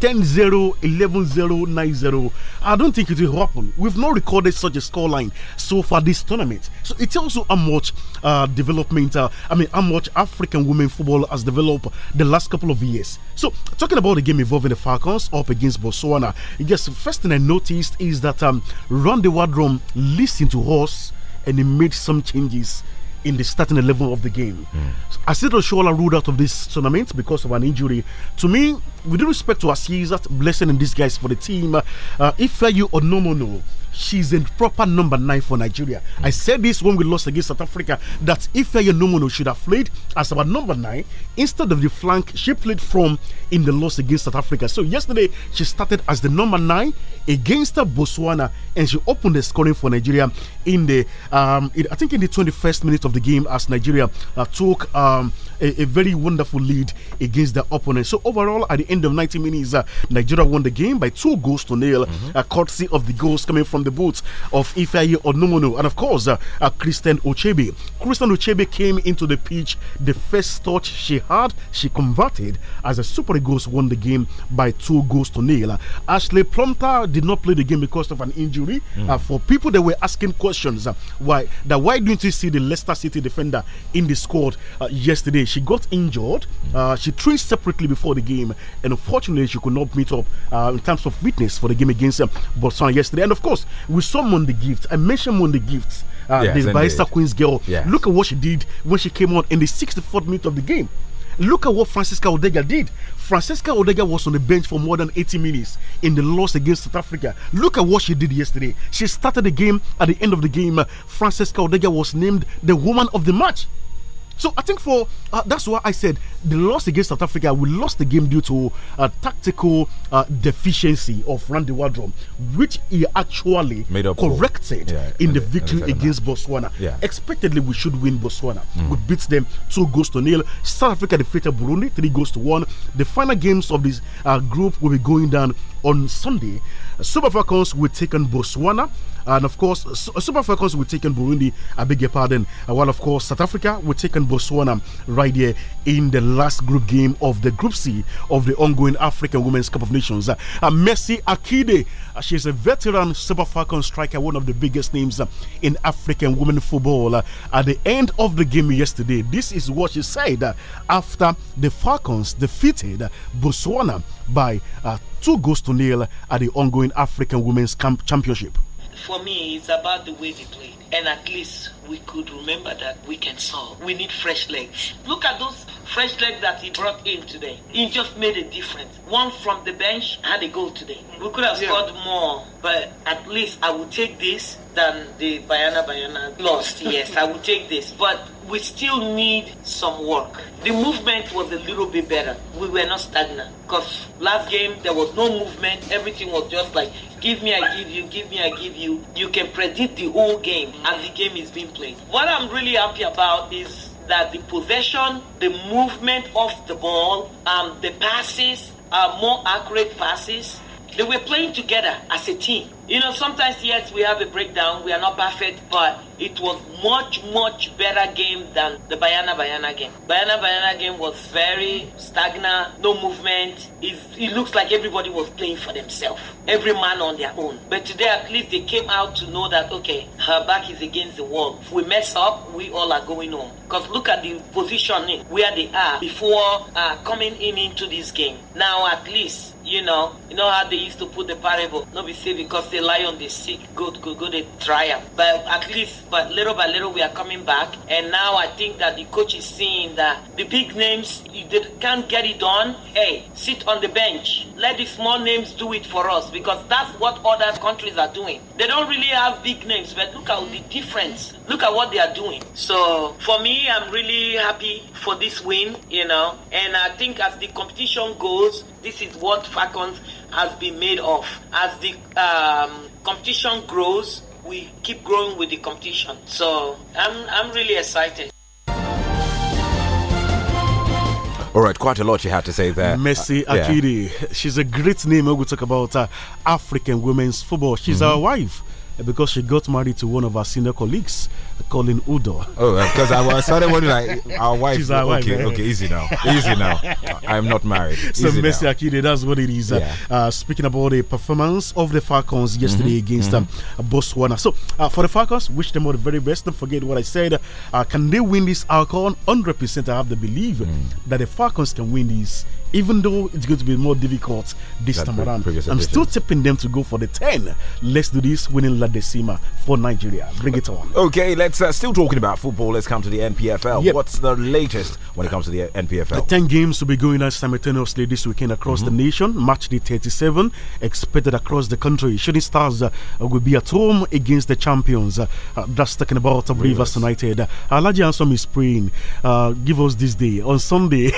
10 0, 11 0, 9 0. I don't think it will happen. We've not recorded such a scoreline so far this tournament. So it tells you how much uh, development, uh, I mean, how much African women football has developed the last couple of years. So, talking about the game involving the Falcons up against Botswana, yes, first thing I noticed is that um, Randy Wardrum listened to us and he made some changes in the starting level of the game. Mm. Asidro Shola ruled out of this tournament because of an injury. To me, with respect to Asiz, blessing in disguise for the team, uh, if you or no, no, no she's a proper number nine for Nigeria. I said this when we lost against South Africa that Ife Yenomono should have played as our number nine instead of the flank she played from in the loss against South Africa. So yesterday she started as the number nine against Botswana and she opened the scoring for Nigeria in the um, it, I think in the 21st minute of the game as Nigeria uh, took um, a, a, very wonderful lead against their opponent. So overall, at the end of 90 minutes, uh, Nigeria won the game by two goals to nil, mm -hmm. uh, courtesy of the goals coming from the boots of Ifeanyi Onumono and of course uh, uh, Christian Ochebe. Christian Ochebe came into the pitch. The first touch she had, she converted as the Super goals won the game by two goals to nil. Uh, Ashley Plumter did not play the game because of an injury. Mm. Uh, for people that were asking questions, why that why didn't you see the Leicester City defender in the squad yesterday? she got injured. Uh, she trained separately before the game, and unfortunately, she could not meet up uh, in terms of fitness for the game against um, Botswana yesterday. And of course, we saw Monday Gift. I mentioned Monday Gift. Uh, yes, the Barista Queen's girl. Yes. Look at what she did when she came on in the 64th minute of the game. Look at what Francisca Odega did. Francesca Odega was on the bench for more than 80 minutes in the loss against South Africa. Look at what she did yesterday. She started the game at the end of the game. Francesca Odega was named the woman of the match. So I think for uh, that's why I said the loss against South Africa, we lost the game due to a tactical uh, deficiency of Randy Wardrum, which he actually Made up corrected yeah, in the victory against Botswana. Yeah. Expectedly, we should win Botswana. Mm. We beat them two goals to nil. South Africa defeated Burundi three goals to one. The final games of this uh, group will be going down on Sunday. Super Falcons will take on Botswana. And of course, Super Falcons will take on Burundi. I beg your pardon. Uh, while, of course, South Africa will take on Botswana right here in the last group game of the Group C of the ongoing African Women's Cup of Nations. Uh, uh Mercy Akide, uh, she's a veteran Super Falcon striker, one of the biggest names uh, in African women football. Uh, at the end of the game yesterday, this is what she said uh, after the Falcons defeated uh, Botswana by uh, two goals to nil at the ongoing African Women's Camp Championship. For me, it's about the way they played, and at least we could remember that we can solve. We need fresh legs. Look at those fresh legs that he brought in today. He just made a difference. One from the bench had a goal today. We could have yeah. scored more, but at least I would take this than the Bayana Bayana lost. Yes, I would take this. But we still need some work. The movement was a little bit better. We were not stagnant. Because last game, there was no movement. Everything was just like, give me, I give you, give me, I give you. You can predict the whole game as the game is being played place. What I'm really happy about is that the possession, the movement of the ball, um, the passes are more accurate passes they were playing together as a team. You know, sometimes, yes, we have a breakdown. We are not perfect, but it was much, much better game than the Bayana Bayana game. Bayana Bayana game was very stagnant, no movement. it looks like everybody was playing for themselves, every man on their own. But today, at least they came out to know that, okay, her back is against the wall. If we mess up, we all are going home. Because look at the positioning, where they are before uh, coming in into this game. Now, at least you know, you know how they used to put the parable. Not be say because they lie on the sick, good, good, good, they triumph. But at least, but little by little, we are coming back. And now I think that the coach is seeing that the big names, if they can't get it done, hey, sit on the bench. Let the small names do it for us because that's what other countries are doing. They don't really have big names, but look at the difference. Look at what they are doing. So for me, I'm really happy for this win, you know. And I think as the competition goes, this is what Falcons has been made of. As the um, competition grows, we keep growing with the competition. So I'm, I'm really excited. All right, quite a lot she had to say there. Messi uh, Akiri, yeah. she's a great name. We'll talk about uh, African women's football. She's mm -hmm. our wife. Uh, because she got married to one of our senior colleagues, Colin Udo. Oh, because uh, I, I started wondering, like, our wife. She's our okay, wife, okay, okay, easy now, easy now. I'm not married. So easy Messi Akide, that's what it is. Uh, yeah. Uh, speaking about the performance of the Falcons mm-hmm, yesterday mm -hmm, against mm -hmm. um, Botswana. So uh, for the Falcons, wish them all the very best. Don't forget what I said. can they win this Alcon? 100%. I have the belief mm. that the Falcons can win this even though it's going to be more difficult this that time around. I'm still tipping them to go for the 10. Let's do this, winning La Decima for Nigeria. Bring it on. Okay, let's uh, still talking about football. Let's come to the NPFL. Yep. What's the latest when it comes to the NPFL? The 10 games will be going on simultaneously this weekend across mm -hmm. the mm-hmm. nation. Match the 37 expected across the country. Shooting Stars uh, will be at home against the champions. Uh, uh that's talking about Rivers, Rivers United. Uh, Alaji Ansom is praying, uh, give us this day on Sunday.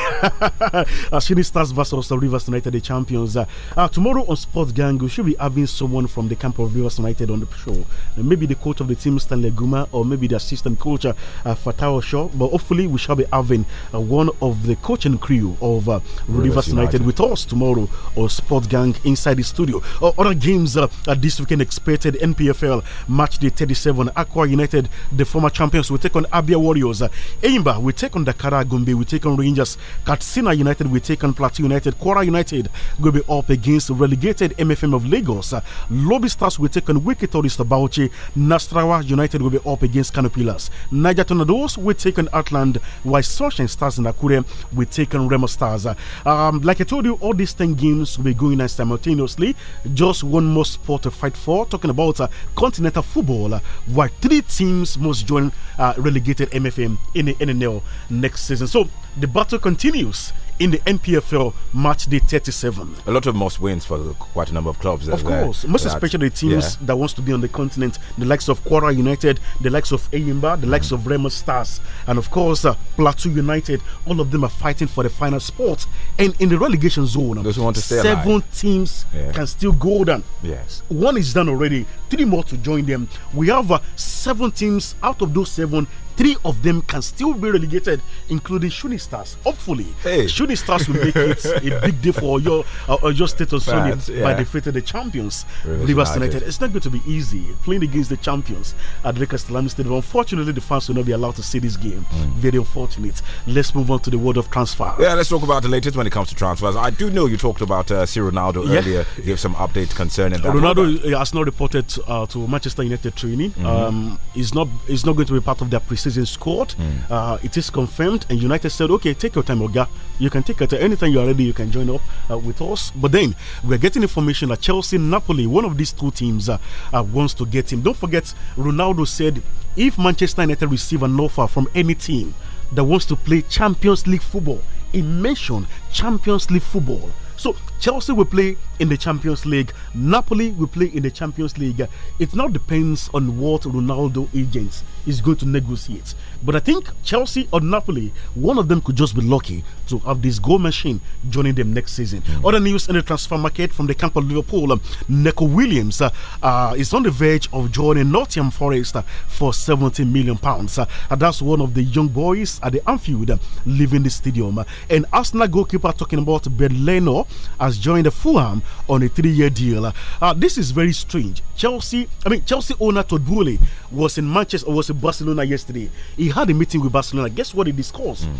maybe Stars versus Rivers United, the champions. Uh, uh, tomorrow on Sports Gang, we should be having someone from the camp of Rivers United on the show. Uh, maybe the coach of the team, Stanley Guma, or maybe the assistant coach, uh, uh Fatao Shaw. But hopefully, we shall be having uh, one of the coaching crew of uh, Rivers, Rivers United, United, with us tomorrow on Sports Gang inside the studio. other games uh, this weekend expected NPFL match day 37. Aqua United, the former champions, will take on Abia Warriors. Uh, Eimba will take on Dakara Gombe, will take on Rangers. Katsina United will take on second Plateau United. Quora United will be up against relegated MFM of Lagos. Uh, Lobby Stars will take on Wicked Tourist Bauchi. Nastrawa United will be up against Canopilas. Niger Tornadoes will take on Outland, while Sunshine Stars in Akure will take on Remo Stars. Uh, um, like I told you, all these 10 games will be going on simultaneously. Just one more sport to fight for. Talking about uh, continental football, uh, where three teams must join uh, relegated MFM in the NNL next season. So the battle continues in the NPFL match day 37. A lot of must wins for quite a number of clubs. Of course, most especially the teams yeah. that wants to be on the continent, the likes of Quora United, the likes of Ayimba, the likes mm of Remo Stars, and of course uh, Plateau United. All of them are fighting for the final spot. And in the relegation zone, those who want to stay seven alive. teams yeah. can still go down. Yes, one is done already. Three more to join them. We have uh, seven teams out of those seven three of them can still be relegated, including Shooting Stars. Hopefully, hey. Shooting Stars will make it a big day for your uh, your state of Fans, yeah. by defeating the champions, Rivers United. It's not going to be easy playing against the champions at the Castellano Stadium. Unfortunately, the fans will not be allowed to see this game. Mm. Very unfortunate. Let's move on to the world of transfer. Yeah, let's talk about the latest when it comes to transfers. I do know you talked about uh, C. Ronaldo yeah. earlier. You have some updates concerning that. Ronaldo uh, has not reported uh, to Manchester United training. Mm -hmm. um, he's not he's not going to be part of their preseason in squad. Mm. Uh, it is confirmed, and United said, okay, take your time, Oga. You can take it anytime you are ready, you can join up uh, with us. But then we're getting information that Chelsea, Napoli, one of these two teams, uh, uh wants to get him. Don't forget, Ronaldo said, if Manchester United receive an offer from any team that wants to play Champions League football, he mentioned Champions League football. So Chelsea will play in the Champions League. Napoli will play in the Champions League. It now depends on what Ronaldo agents is going to negotiate. But I think Chelsea or Napoli, one of them could just be lucky to have this goal machine joining them next season. Mm -hmm. Other news in the transfer market from the camp of Liverpool, um, Neco Williams uh, uh, is on the verge of joining Nottingham Forest uh, for 17 million pounds. Uh, that's one of the young boys at the Anfield uh, leaving the stadium. and Arsenal goalkeeper talking about Leno Uh, has joined Fulham on a three-year deal. Uh, this is very strange. Chelsea, I mean Chelsea owner Todd Boehly was in Manchester, was in Barcelona yesterday. He had a meeting with Barcelona. Guess what he discussed? Mm.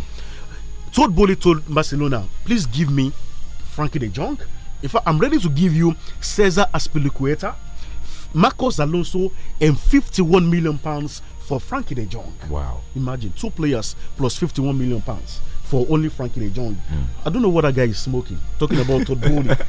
Todd Boehly told Barcelona, "Please give me Frankie De Jong. If I, I'm ready to give you Cesar Aspilicueta." Marcos Alonso and 51 million pounds for Frankie De Jong. Wow. Imagine two players plus 51 million pounds for only Frankie Lejeune. Mm. I don't know what that guy is smoking. Talking about Todd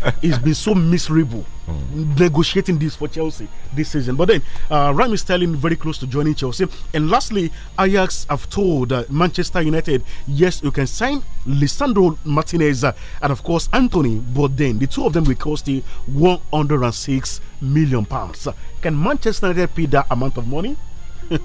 he's been so miserable mm. negotiating this for Chelsea this season. But then uh, Ram is telling very close to joining Chelsea. And lastly, Ajax have told uh, Manchester United, yes, you can sign Lisandro Martinez uh, and of course Anthony. But then the two of them will cost you 106 million pounds. Can Manchester United pay that amount of money?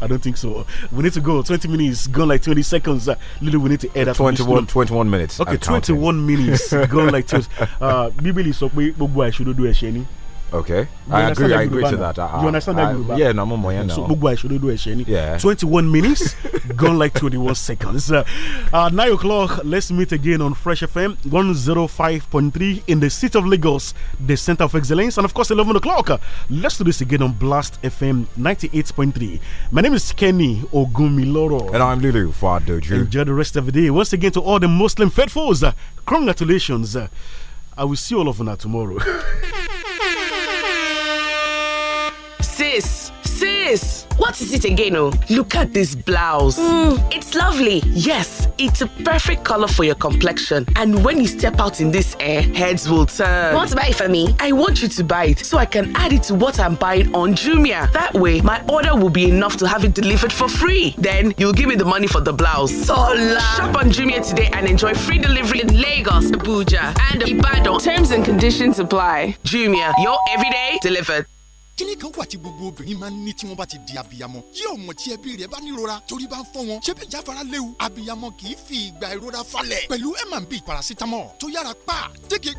I don't think so. We need to go. 20 minutes gone like 20 seconds. Uh, we need to add 21, 21 minutes. Okay, I'm 21 counting. minutes gone like 20. Uh, Bíbélì sọ pé should do a ni okay you i agree i agree to that I, ah, you understand that I, yeah no i'm on my end now so gbogbo àìṣòdodo ẹ̀ṣẹ̀ yeah 21 minutes gone like 21 seconds uh, uh, 9 o'clock let's meet again on fresh fm 105.3 in the city of lagos the center of excellence and of course 11 o'clock uh, let's do this again on blast fm 98.3 my name is kenny ogumiloro and i'm lulu fadoju enjoy the rest of the day once again to all the muslim faithfuls congratulations uh, i will see all of you tomorrow Sis, sis, what is it again? Oh, look at this blouse. Mm, it's lovely. Yes, it's a perfect color for your complexion. And when you step out in this air, heads will turn. Want to buy it for me? I want you to buy it so I can add it to what I'm buying on Jumia. That way, my order will be enough to have it delivered for free. Then you'll give me the money for the blouse. so Shop on Jumia today and enjoy free delivery in Lagos, Abuja, and Ibadan. Terms and conditions apply. Jumia, your everyday delivered. kíní kan wà tí gbogbo obìnrin máa ń ní tí wọ́n bá ti di abiyamọ yí ọmọ tí ẹbí rẹ̀ bá nírora torí bá ń fọ́ wọn ṣé bí jáfara léwu abiyamọ kì í fi ìgbà ìrora falẹ̀ pẹ̀lú M&B paracetamol tó yára pa tí kì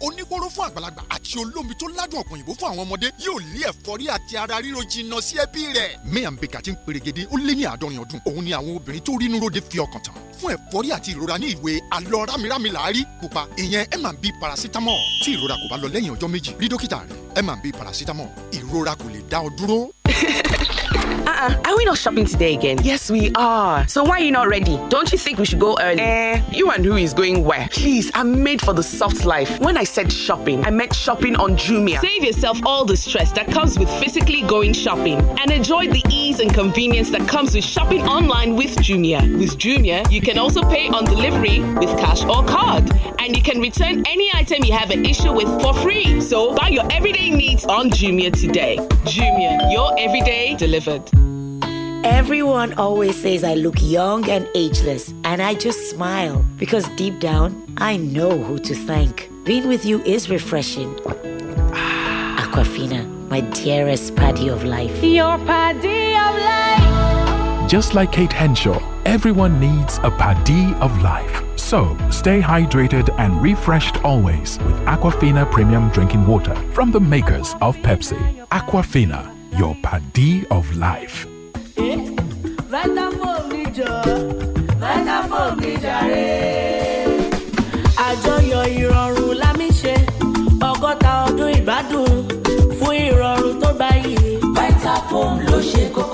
oníkóró fún àgbàlagbà àti olómi tó ládùn ọ̀pọ̀ òyìnbó fún àwọn ọmọdé yóò lé ẹ̀fọ́rí àti ara ríro jìnnà sí ẹbí rẹ̀. M&B kàti ń perégedé ó lé ní àádọ́rin ọdún òun ni àwọn obìnrin tó rí inú fi ọkàn tán fún ẹ̀fọ́rí àti ìrora ní ìwé alọ rámirámi làárí pupa ìyẹn M&B paracetamol tí ìrora kò bá lọ lẹ́yìn ọjọ́ méjì rí dókítà rẹ̀ M&B paracetamol ìrora kò lè dá ọ dúró. uh Are we not shopping today again? Yes, we are. So why are you not ready? Don't you think we should go early? Eh, you and who is going where? Please, I'm made for the soft life. When I said shopping, I meant shopping on Jumia. Save yourself all the stress that comes with physically going shopping and enjoy the ease and convenience that comes with shopping online with Jumia. With Jumia, you can also pay on delivery with cash or card. And you can return any item you have an issue with for free. So buy your everyday needs on Jumia today. Jumia, your every day delivered. Everyone always says I look young and ageless, and I just smile because deep down, I know who to thank. Being with you is refreshing. Aquafina, my dearest paddy of life. Your paddy of life. Just like Kate Henshaw, everyone needs a paddy of life. So, stay hydrated and refreshed always with Aquafina Premium Drinking Water from the makers of Pepsi. Aquafina your padi of life. àjọyọ̀ ìrọ̀rùn lámì ṣe ọgọ́ta ọdún ìbádùn fún ìrọ̀rùn tó báyìí. vitafoam ló ṣe kókó.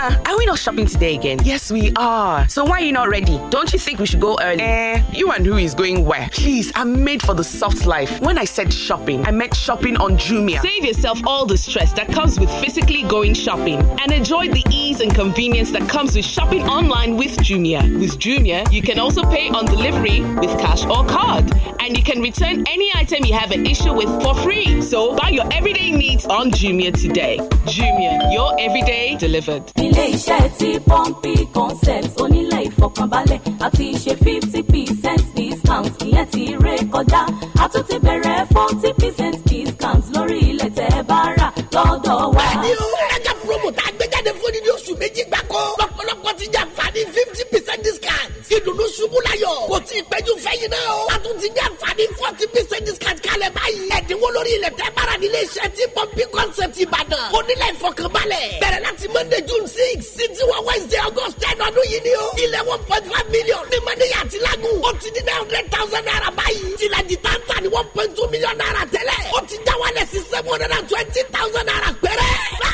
Uh-uh. Are we not shopping today again? Yes, we are. So why are you not ready? Don't you think we should go early? Eh, you and who is going where? Please, I'm made for the soft life. When I said shopping, I meant shopping on Jumia. Save yourself all the stress that comes with physically going shopping and enjoy the ease and convenience that comes with shopping online with Jumia. With Jumia, you can also pay on delivery with cash or card. And you can return any item you have an issue with for free. So buy your everyday needs on Jumia today. Jumia, your everyday delivered. ilé iṣẹ́ ti pọ́ǹpì concepts onílẹ̀ ìfọkànbalẹ̀ àti ṣe fifty percent discount ìyẹn ti ré kọjá a tún ti bẹ̀rẹ̀ forty percent discount lórí ilẹ̀ tẹ́ bá rà lọ́dọ̀ wa. bẹ́ẹ̀ni o ẹja promo tá a gbé jáde fún ní oṣù méjì gbáko lọ́pọ̀lọpọ̀ ti jàǹfààní fifty ṣubú layọ̀ kò tí ì pẹ́jú fẹ́yìn náà o. a tún ti ní àǹfààní forty percent discount kalẹ̀ báyìí. ẹ̀dínwó lórí ilẹ̀ tẹ́ bára nílé iṣẹ́ tí pọ́ńpì concept ìbàdàn. onílẹ̀ ìfọkànbalẹ̀ bẹ̀rẹ̀ láti monday june six sí tiwọn wednesday august ten ọdún yìí ni o. ilẹ̀ one point five million ní mọ́níyà àti lágùn. ó ti di nine hundred thousand naira báyìí. tìlàjì táǹtà million naira tẹ́lẹ̀. ó ti já wálẹ̀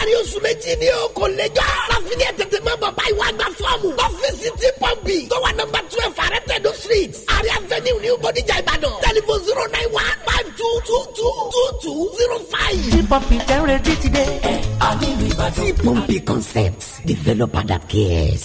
láàrin oṣù méjì ni o kò lè jọ. láfíìlì tètè máa bọ̀ báyìí wá gba fọ́ọ̀mù. ọ́fíìsì ti pọ́ǹpì tó wà nọmba twelve àrẹ tẹ̀dó street àrẹ avenue ní bodijà ìbàdàn tẹlifon zero nine one five two two two two two zero five. ti pọ́ǹpì tẹ́rẹ̀ títí dé. ẹ a nílùú ìbàdàn. ti pọ́ǹpì concept developer that cares.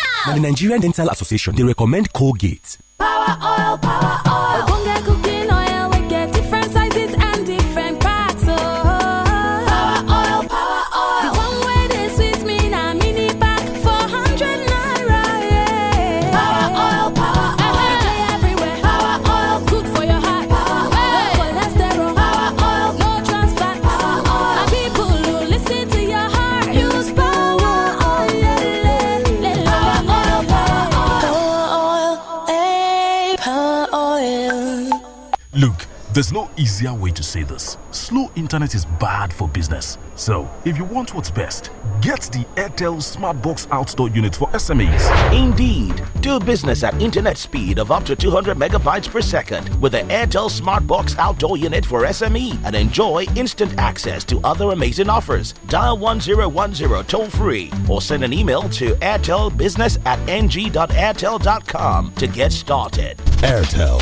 now, the Nigerian Dental Association, they recommend Colgate. Power oil, power oil. There's no easier way to say this. Slow internet is bad for business. So, if you want what's best, get the Airtel Smartbox outdoor unit for SMEs. Indeed, do business at internet speed of up to 200 megabytes per second with the Airtel Smartbox outdoor unit for SME and enjoy instant access to other amazing offers. Dial 1010 toll free or send an email to airtelbusiness at ng.airtel.com to get started. Airtel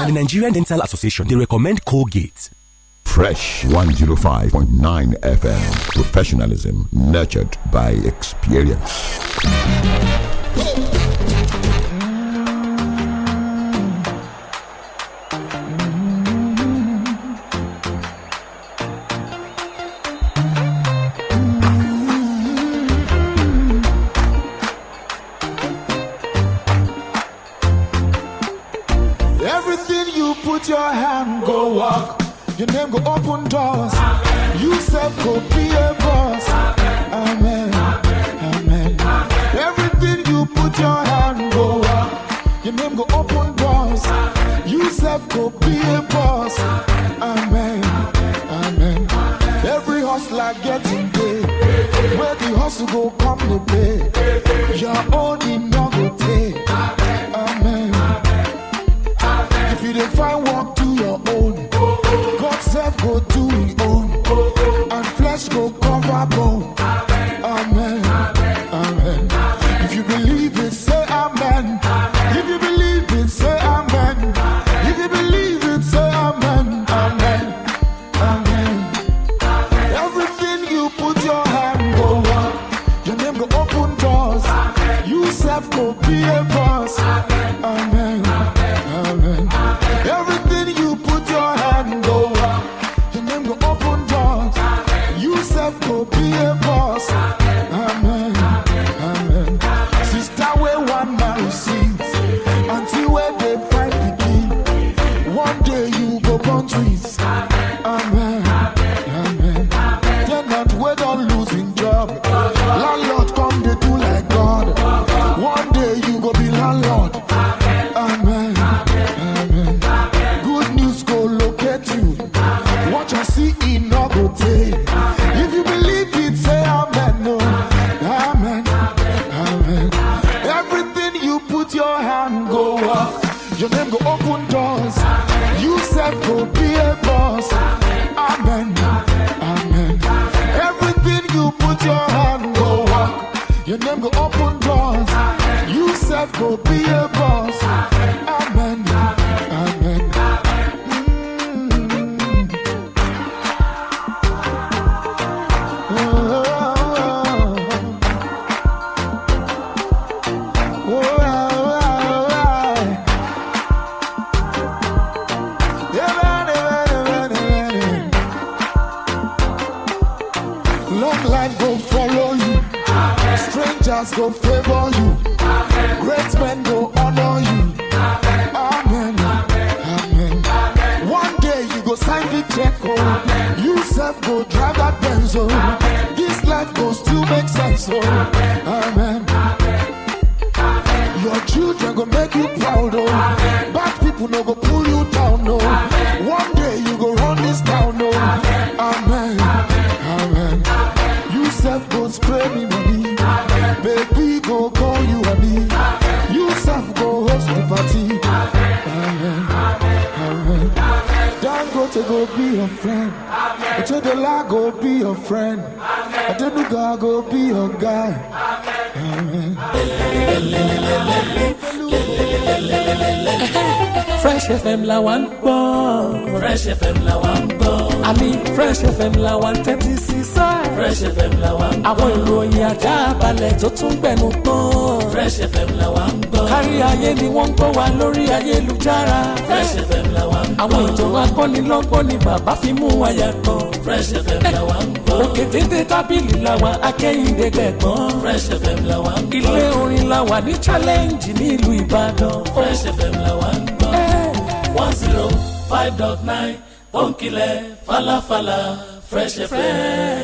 Now, the Nigerian Dental Association, they recommend Colgate. Fresh 105.9 FM. Professionalism nurtured by experience. doors. Amen. You said go be a boss. Amen. Amen. Everything you put your hand up, your name go open doors. You said go be a boss. Amen. Amen. Every hustler getting paid. Where the hustle go come the go àwọn ìròyìn àjábalẹ̀ tó tún gbẹnu tán. Fresh FM la wa ń gbọ́. kárí ayé ni wọ́n ń gbọ́ wa lórí ayélujára. Fresh FM la wa ń gbọ́. àwọn ìtàn akọ́nilọ́gbọ́n ni bàbá fi mú wa yàtọ̀. Fresh FM la wa ń gbọ́. òkè téńté tábìlì la wa akẹ́yìndé gbẹ̀gbọ́n. Fresh FM la wa ń gbọ́. ilé orin la wa ní challenge ní Ìbàdàn. Fresh FM la wa ń gbọ́. one zero five dot nine pọ́ńkìlẹ̀ falafala Fresh FM.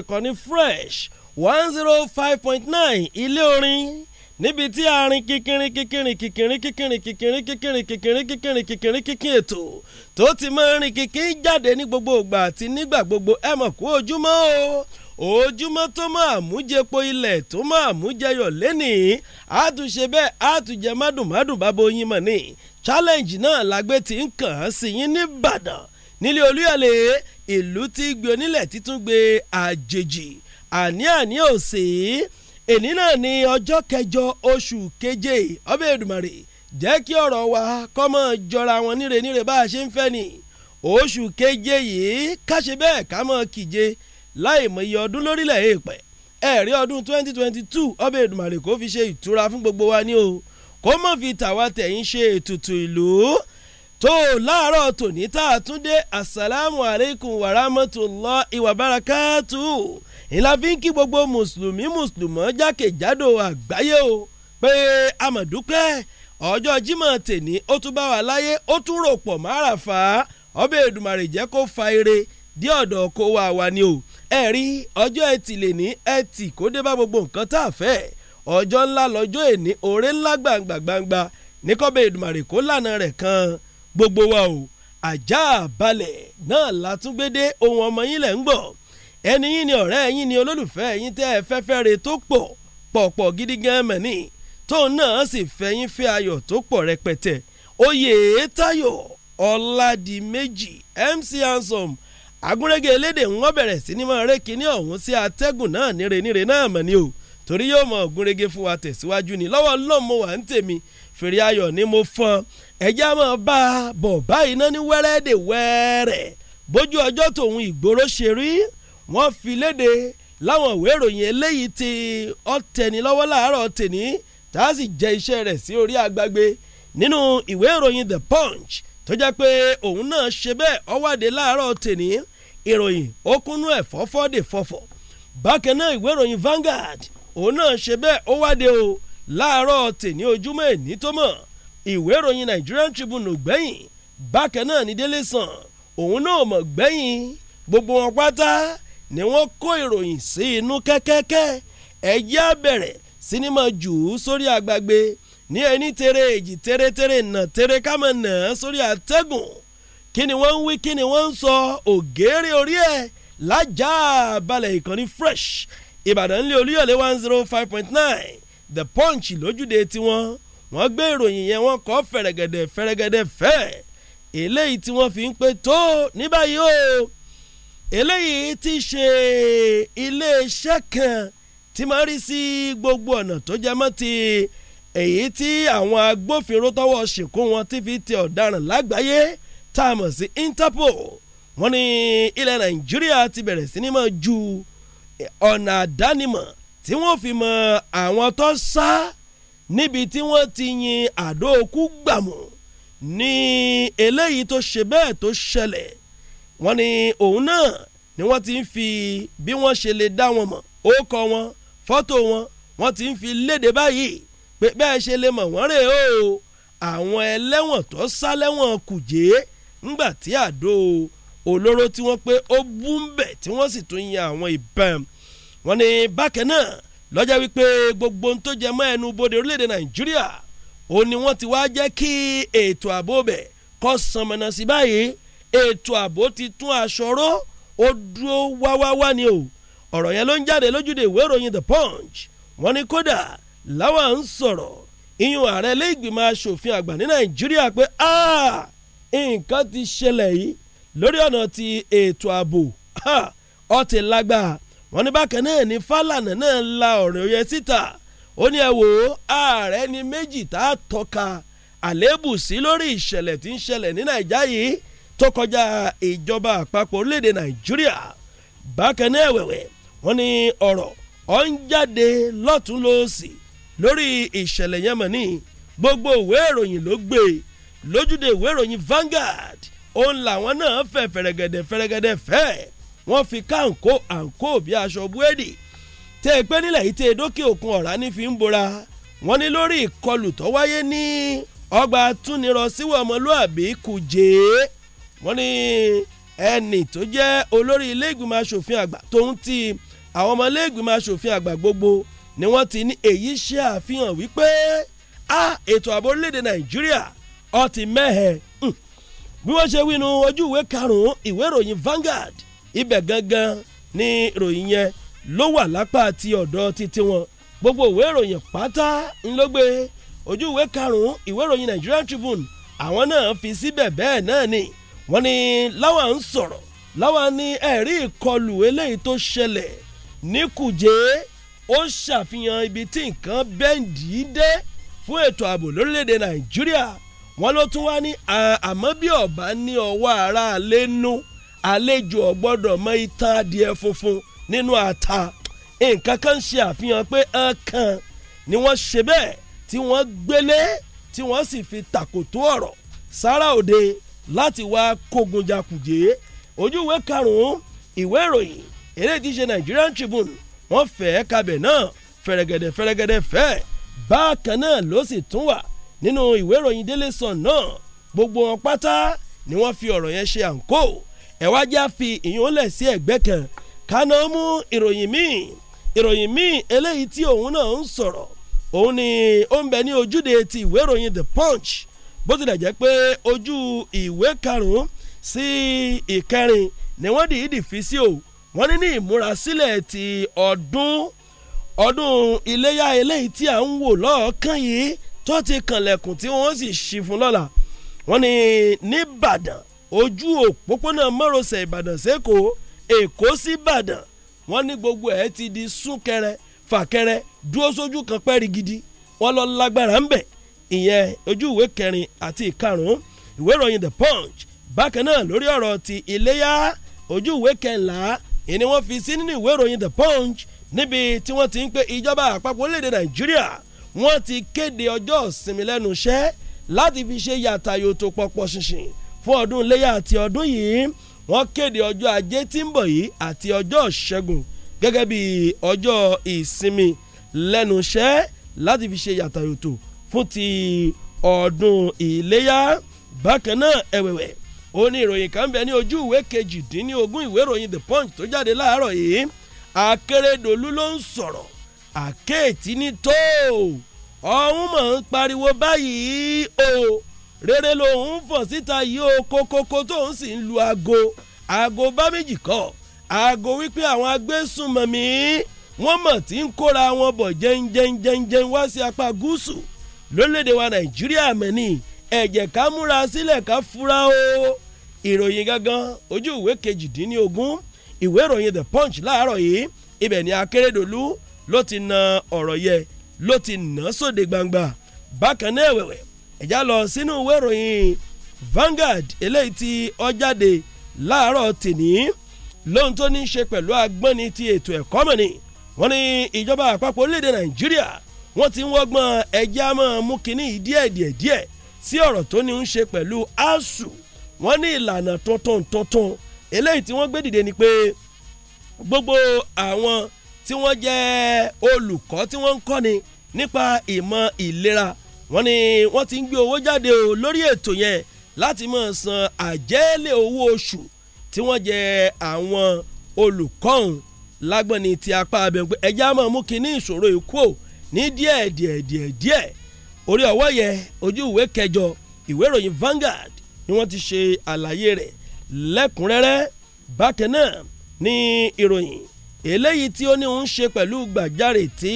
ìkànnì fresh one zero oh five point nine ilé orin níbi tí arin kíkìrín kíkìrín kíkìrín kíkìrín kíkìrín kíkìrín kíkìrín kíkìrín kíkìrín kíkìrín ètò tó ti máa ń rin kíkìrín jáde ní gbogbo ìgbà àti nígbà gbogbo ẹ mọ̀ kú ojúmọ́ o ojúmọ́ tó máa mú jẹpo ilẹ̀ tó máa mú jẹyọ̀ lẹ́nìí àtúnṣe bẹ́ẹ̀ àtúnjẹ mádùnmádùn bá bóyin mọ̀ ní challenge náà la gbé tí ń kàn án sí yín ní Ìbàdàn nílé Olúyọ̀lé ìlú tí gbé onílẹ̀ títún gbé àjèjì àní àní òsè èní náà ní ọjọ́ kẹjọ oṣù keje ọbẹ̀ èdùmàrè jẹ́ kí ọ̀rọ̀ wa kọ́mọ jọra wọn níre níre bá a ṣe ń fẹ́ ni oṣù keje yìí káṣe bẹ́ẹ̀ ká mọ̀ kíje láì mọ iye ọdún lórílẹ̀ èèpẹ̀ ẹ̀rí ọdún 2022 ọbẹ̀ èdùmàrè kò fi ṣe ìtura fún gbogbo wa ni o kó mọ̀ fi tàwa tẹ̀yìn ṣe ètùtù ìlú tó láàárọ̀ tòní tá a tún dé asalaamu aleykum wa rahmatulahi wa barakatu ìlà gbogbo mùsùlùmí mùsùlùmọ́ jákèjádò àgbáyé o pé amọ̀dúpẹ́ ọjọ́ Jímọ̀ tèní ó tún bá wa láyé ó tún rò pọ̀ máràfà ọbẹ̀ Èdùmàrè jẹ́ kó fa ire dí ọ̀dọ̀ kó wa wa ni o ẹ rí ọjọ́ ẹtì lè ní ẹtì kó dé bá gbogbo nǹkan tá a fẹ́ ọjọ́ ńlá lọ́jọ́ èní òré ńlá gbàǹgbà gbàǹgbà ní kọ́bẹ̀ Èdùmàrè kó lànà rẹ̀ kan gbogbo wa o ajá balẹ̀ náà látúngbédé ohun ọmọ yín lẹ̀ ń gbọ̀ ẹni yín ni ọ̀rẹ́ yín ni olólùfẹ́ yín tẹ́ ẹ fẹ́fẹ́ re tó pọ̀ pọ̀pọ̀ gidi gan mẹ́ni tóun náà sì fẹ́ yín fẹ́ ayọ̀ tó pọ̀ rẹpẹtẹ Oyètáyọ̀ Ọládìméjì MC Ansom agúnrégé elédè wọn bẹ̀rẹ̀ sí ni máa ré kinní ọ̀hún sí atẹ́gùn náà níre níre náà mọ̀ ni o torí yóò mọ ògúnrégé fún wa tẹ̀síwájú ni lọ́wọ́ lọ́mọ wà ń tèmi fèrè ayọ̀ ni mo fọ́n ẹ̀jẹ̀ mọ̀ bá a bọ̀ báyìí náà ní wẹ́rẹ́ dè wẹ́rẹ́ bójú ọjọ́ tòun ìgboro ṣe rí wọ́n fi léde láwọn ìwé ìròyìn eléyìí tí ọ̀tẹ̀ni lọ́wọ́ láàárọ̀ tèní tá a sì jẹ iṣẹ́ rẹ̀ sí orí agbágbé nínú ìwé ìròyìn The Punch tó jẹ́ pé òun náà ṣe bẹ́ẹ̀ ọwádìí láàárọ̀ tèní ìròyìn ó kúnnú ẹ̀ fọ́fọ́ dè fọ́fọ́ bákan náà ìwé ìròyìn Vanguard òun náà ṣe bẹ́ẹ̀ ó wádìí o láàárọ̀ tèmi ojúmọ́ èní tó mọ̀ ìwé ìròyìn Nigerian Tribune gbẹ̀yìn bákan náà ní Délé Sàn òun náà mọ̀ gbẹ̀yìn gbogbo wọn pátá ni wọ́n kó ìròyìn sí inú kẹ́kẹ́kẹ́ ẹ̀jẹ̀ abẹ̀rẹ̀ sinimá jù ú sórí àgbàgbé ní ẹni tere èjì tere tere nà tere kámẹ́ nà sórí àtẹ́gùn kí ni wọ́n ń wí kí ni wọ́n ń sọ ògèrè orí ẹ̀ lájà balẹ̀ ìkànnì fresh Ìbàdàn lé olúyọ̀lé one zero five point nine the punch lójúde tiwọn wọ́n gbé ìròyìn yẹn wọ́n kọ́ fẹ̀rẹ̀gẹ̀dẹ̀ fẹ̀rẹ̀gẹ̀dẹ̀ fẹ́ eléyìí tí wọ́n fi ń pé tó ní báyìí o eléyìí ti ṣe iléeṣẹ́ kan tí máa rí sí gbogbo ọ̀nà tó jẹ mọ́ ti èyí tí àwọn agbófinró tọwọ́ ṣìnkú wọn ti fi tẹ ọ̀daràn lágbàáyé tá a mọ̀ sí Interpol wọ́n ní ilẹ̀ Nàìjíríà ti bẹ̀rẹ̀ sí ní máa ju ọ̀nà àdánimọ̀ tí wọ́n fi mọ àwọn tó sá níbi tí wọ́n ti yin àdó gbàmù ní eléyìí tó ṣe bẹ́ẹ̀ tó ṣẹlẹ̀ wọ́n ní òun náà ni wọ́n ti ń fi bí wọ́n ṣe lè dá wọn mọ̀ ókọ wọn fọ́tò wọn wọ́n ti ń fi léde báyìí pé bẹ́ẹ̀ ṣe lè mọ̀ wọ́n rè o àwọn ẹlẹ́wọ̀n tó sá lẹ́wọ̀n kùjé ńgbà tí àdó olóró tí wọ́n pé ó bú ń bẹ̀ tí wọ́n sì tún yan àwọn ìbọn wọ́n ní bákẹ́ náà lọ́jọ́ wípé gbogbo ohun tó jẹ mọ́ ẹnu bodè orílẹ̀-èdè nàìjíríà ó ní wọ́n ti wá jẹ́ kí ètò ààbò bẹ̀ kó sànmọ́nà sí báyìí ètò ààbò ti tún aṣọ ó dúró wáwáwá ni o ọ̀rọ̀ yẹn ló ń jáde lójúde ìwé ìròyìn the punch wọ́n ní kódà láwa ń sọ̀rọ̀ ìyún ààrẹ ilé ìgbìmọ̀ asòfin àgbà ní nàìjíríà pé nǹkan ti ṣẹlẹ̀ yìí lórí ọ̀nà ti ètò ààbò ó ti lágbára wọ́n ní bákan náà ní Fálànà náà la ọ̀rọ̀ yẹn síta ó ní ẹ wò ó ààrẹ ní méjì tá a tọ́ka àléébù sí lórí ìṣẹ̀lẹ̀ tí ń ṣẹlẹ̀ ní Nàìjíríà yìí tó kọjá ìjọba àpapọ̀ orílẹ̀-èdè Nàìjíríà bákan náà ẹ̀wẹ̀wẹ̀ wọ́n ní ọ̀rọ̀ ọ̀ ń jáde lọ́tún lórí ìṣẹ̀lẹ̀ yẹn mọ̀ ní gbogbo ìwé ìròyìn ló gbé e. lójúde ìwé ìròyìn Vanguard òun làwọn náà fẹ́ fẹ̀rẹ̀gẹ̀dẹ̀ fẹ̀rẹ̀gẹ̀dẹ̀ fẹ́ẹ́ wọ́n fi káǹkó àǹkó bí aṣọ búẹ́dì tẹ́ ẹ pé nílẹ̀ yìí tẹ́ ẹ dókè òkun ọ̀rá ní fi ń bora wọ́n ní lórí ìkọlù tó wáyé ní ọgbà túnirọ síwọ̀ ọmọlúàbí Kùjé wọ́n ní ẹnì tó jẹ́ olórí ilé asòfin àgbà tóun ti àwọn ọmọ ilé asòfin àgbà gbogbo ni wọ́n ti ní èyí ṣe àfihàn wípé a ètò ààbò orílẹ̀-èdè Nàìjíríà ó ti hmm. bí wọ́n ṣe wí ojú ìwé karùn-ún ìwé ìròyìn Vanguard ibẹ̀ gangan ni ìròyìn yẹn ló wà lápá ti ọ̀dọ̀ títí wọn gbogbo ìwé ìròyìn pátá ńlọgbẹ ojú ìwé karùn-ún ìwé ìròyìn Nigerian Tribune àwọn náà fi síbẹ̀ bẹ́ẹ̀ náà ni wọ́n ní láwa ń sọ̀rọ̀ láwa ní ẹ̀rí ìkọlù eléyìí tó ṣẹlẹ̀ ní Kùjé ó ṣàfihàn ibi tí nǹkan bẹ́ǹdì dé fún ètò ààbò lórílẹ̀‐èdè Nàìjíríà wọ́n ló tún wá ní àmọ́ bí ọ̀bá ní ọwọ́ ara lẹ́nu àlejò ọ̀gbọ́dọ̀ mọ itan adìẹ funfun nínú ata nǹkan kan ṣe àfihàn pé ọkàn ni wọ́n ṣe bẹ́ẹ̀ tí wọ́n gbélé tí wọ́n sì fi tàkòtò ọ̀rọ̀ sára òde láti wá kógun jakùjẹ́ ojú ìwé karùn-ún ìwé ìròyìn eré ìdíje Nigerian Tribune wọ́n fẹ́ kabẹ̀ náà fẹ̀rẹ̀gẹ̀dẹ̀ fẹ̀rẹ̀gẹ̀dẹ̀ fẹ́ bákan náà ló sì tún wà nínú ìwé ìròyìn Daily Sun náà gbogbo wọn pátá ni wọ́n fi ọ̀rọ̀ yẹn ṣe àǹkó ẹ wá já fi ìyónlẹ̀ sí ẹ̀gbẹ́ kan kaná mú ìròyìn míì ìròyìn míì eléyìí tí òun náà ń sọ̀rọ̀ òun ni ó ń bẹ ní ojúde ti ìwé ìròyìn The Punch bó tilẹ̀ jẹ́ pé ojú ìwé karùn-ún sí ìkẹrin ni wọ́n dìídì fi sí o wọ́n ní ní ìmúrasílẹ̀ ti ọdún ọdún iléyà eléyìí tí à ń wò lọ́ọ̀kan yìí tó ti kànlẹ̀kùn tí wọ́n sì ṣí fún lọ́la wọ́n ní ní ojú òpópónà mọ́rọ̀sẹ̀ ìbàdàn sẹ́kọ̀ọ́ èkó sí ìbàdàn wọ́n ní gbogbo ẹ̀ ti di súnkẹrẹ fàkẹrẹ dúró sójú kan pẹ́ẹ́rì gidi wọ́n lọ lágbára ń bẹ̀ ìyẹn ojú ìwé kẹrin àti ìkarùn-ún ìwé ìròyìn the punch bákan náà lórí ọ̀rọ̀ ti iléyà ojú ìwé kẹńlá ìní wọ́n fi sí nínú ìwé ìròyìn the punch níbi tí wọ́n ti ń pe ìjọba àpapọ̀ orílẹ̀-èdè nàìjíríà wọ́n ti kéde ọjọ́ ìsinmi lẹ́nu iṣẹ́ láti fi ṣe yàtàyò tó pọ̀pọ̀ ṣinṣin fún ọdún iléyà àti ọdún yìí wọ́n kéde ọjọ́ ajé tí ń bọ̀ yìí àti ọjọ́ ṣẹ́gun gẹ́gẹ́ bí ọjọ́ ìsinmi lẹ́nu iṣẹ́ láti fi ṣe yàtàyòtò fún ti ọdún iléyà bákan náà ẹ̀wẹ̀wẹ̀ ó ní ìròyìn kan bẹ ní ojú ìwé kejìdínlógún ìwé ìròyìn the punch tó jáde láàárọ̀ yìí akérèdọ́lù ló ń sọ̀rọ̀ àkéètì ní tóo ọ̀hún mọ̀ ń pariwo báyìí o. Oh rere lòun ń fọ̀ síta yìí o kókókó tóun sì ń lu aago aago bá méjì kọ́ aago wípé àwọn agbésùnmọ̀mí wọ́n mọ̀ tí ń kóra wọn bọ̀ jẹ́ńjẹ́ńjẹ́ńjẹ́ń wá sí apá gúúsù lórílẹ̀‐èdè wa nàìjíríà mẹ́ni ẹ̀jẹ̀ ká múra sílẹ̀ ká fura o ìròyìn gangan ojú ìwé kejìdínlógún ìwé ìròyìn the punch láàárọ̀ yìí ibẹ̀ ni akérèdọ́lù ló ti na ọ̀rọ̀ yẹ ló ti nà sóde gbangba bákan náà ẹ̀wẹ̀wẹ̀ ẹ̀já lọ sínú ìwé ìròyìn Vanguard eléyìí tí ó jáde láàárọ̀ tèní lóhun tó ní í ṣe pẹ̀lú agbọ́ni ti ètò ẹ̀kọ́ mọ̀ ni wọ́n ní ìjọba àpapọ̀ orílẹ̀-èdè Nàìjíríà wọ́n ti ń wọ́gbọ́n ẹ̀jẹ̀ á máa mú kínní díẹ̀ díẹ̀ díẹ̀ sí ọ̀rọ̀ tó ní í ṣe pẹ̀lú ASUU wọ́n ní ìlànà tuntun tuntun eléyìí tí wọ́n gbé dìde ni pé gbogbo àwọn tí wọ́n jẹ́ olùkọ́ tí wọ́n ń kọ́ni nípa ìmọ̀ ìlera wọ́n ní wọ́n ti ń gbé owó jáde o lórí ètò yẹn láti máa san àjẹ́lẹ̀ owó oṣù tí wọ́n jẹ àwọn olùkọ́ ọ̀hún lágbọ́nni ti apá abẹ pé ẹjẹ́ á máa mú kinní ìṣòro ìkú ò ní díẹ̀ díẹ̀ díẹ̀ díẹ̀ orí ọwọ́ yẹn ojú ìwé kẹjọ ìwé ìròyìn Vanguard ni wọ́n ti ṣe àlàyé rẹ̀ lẹ́kùnrẹ́rẹ́ bákan náà ní ìròyìn eléyìí tí ó ní ń ṣe pẹ̀lú gbàjáre tí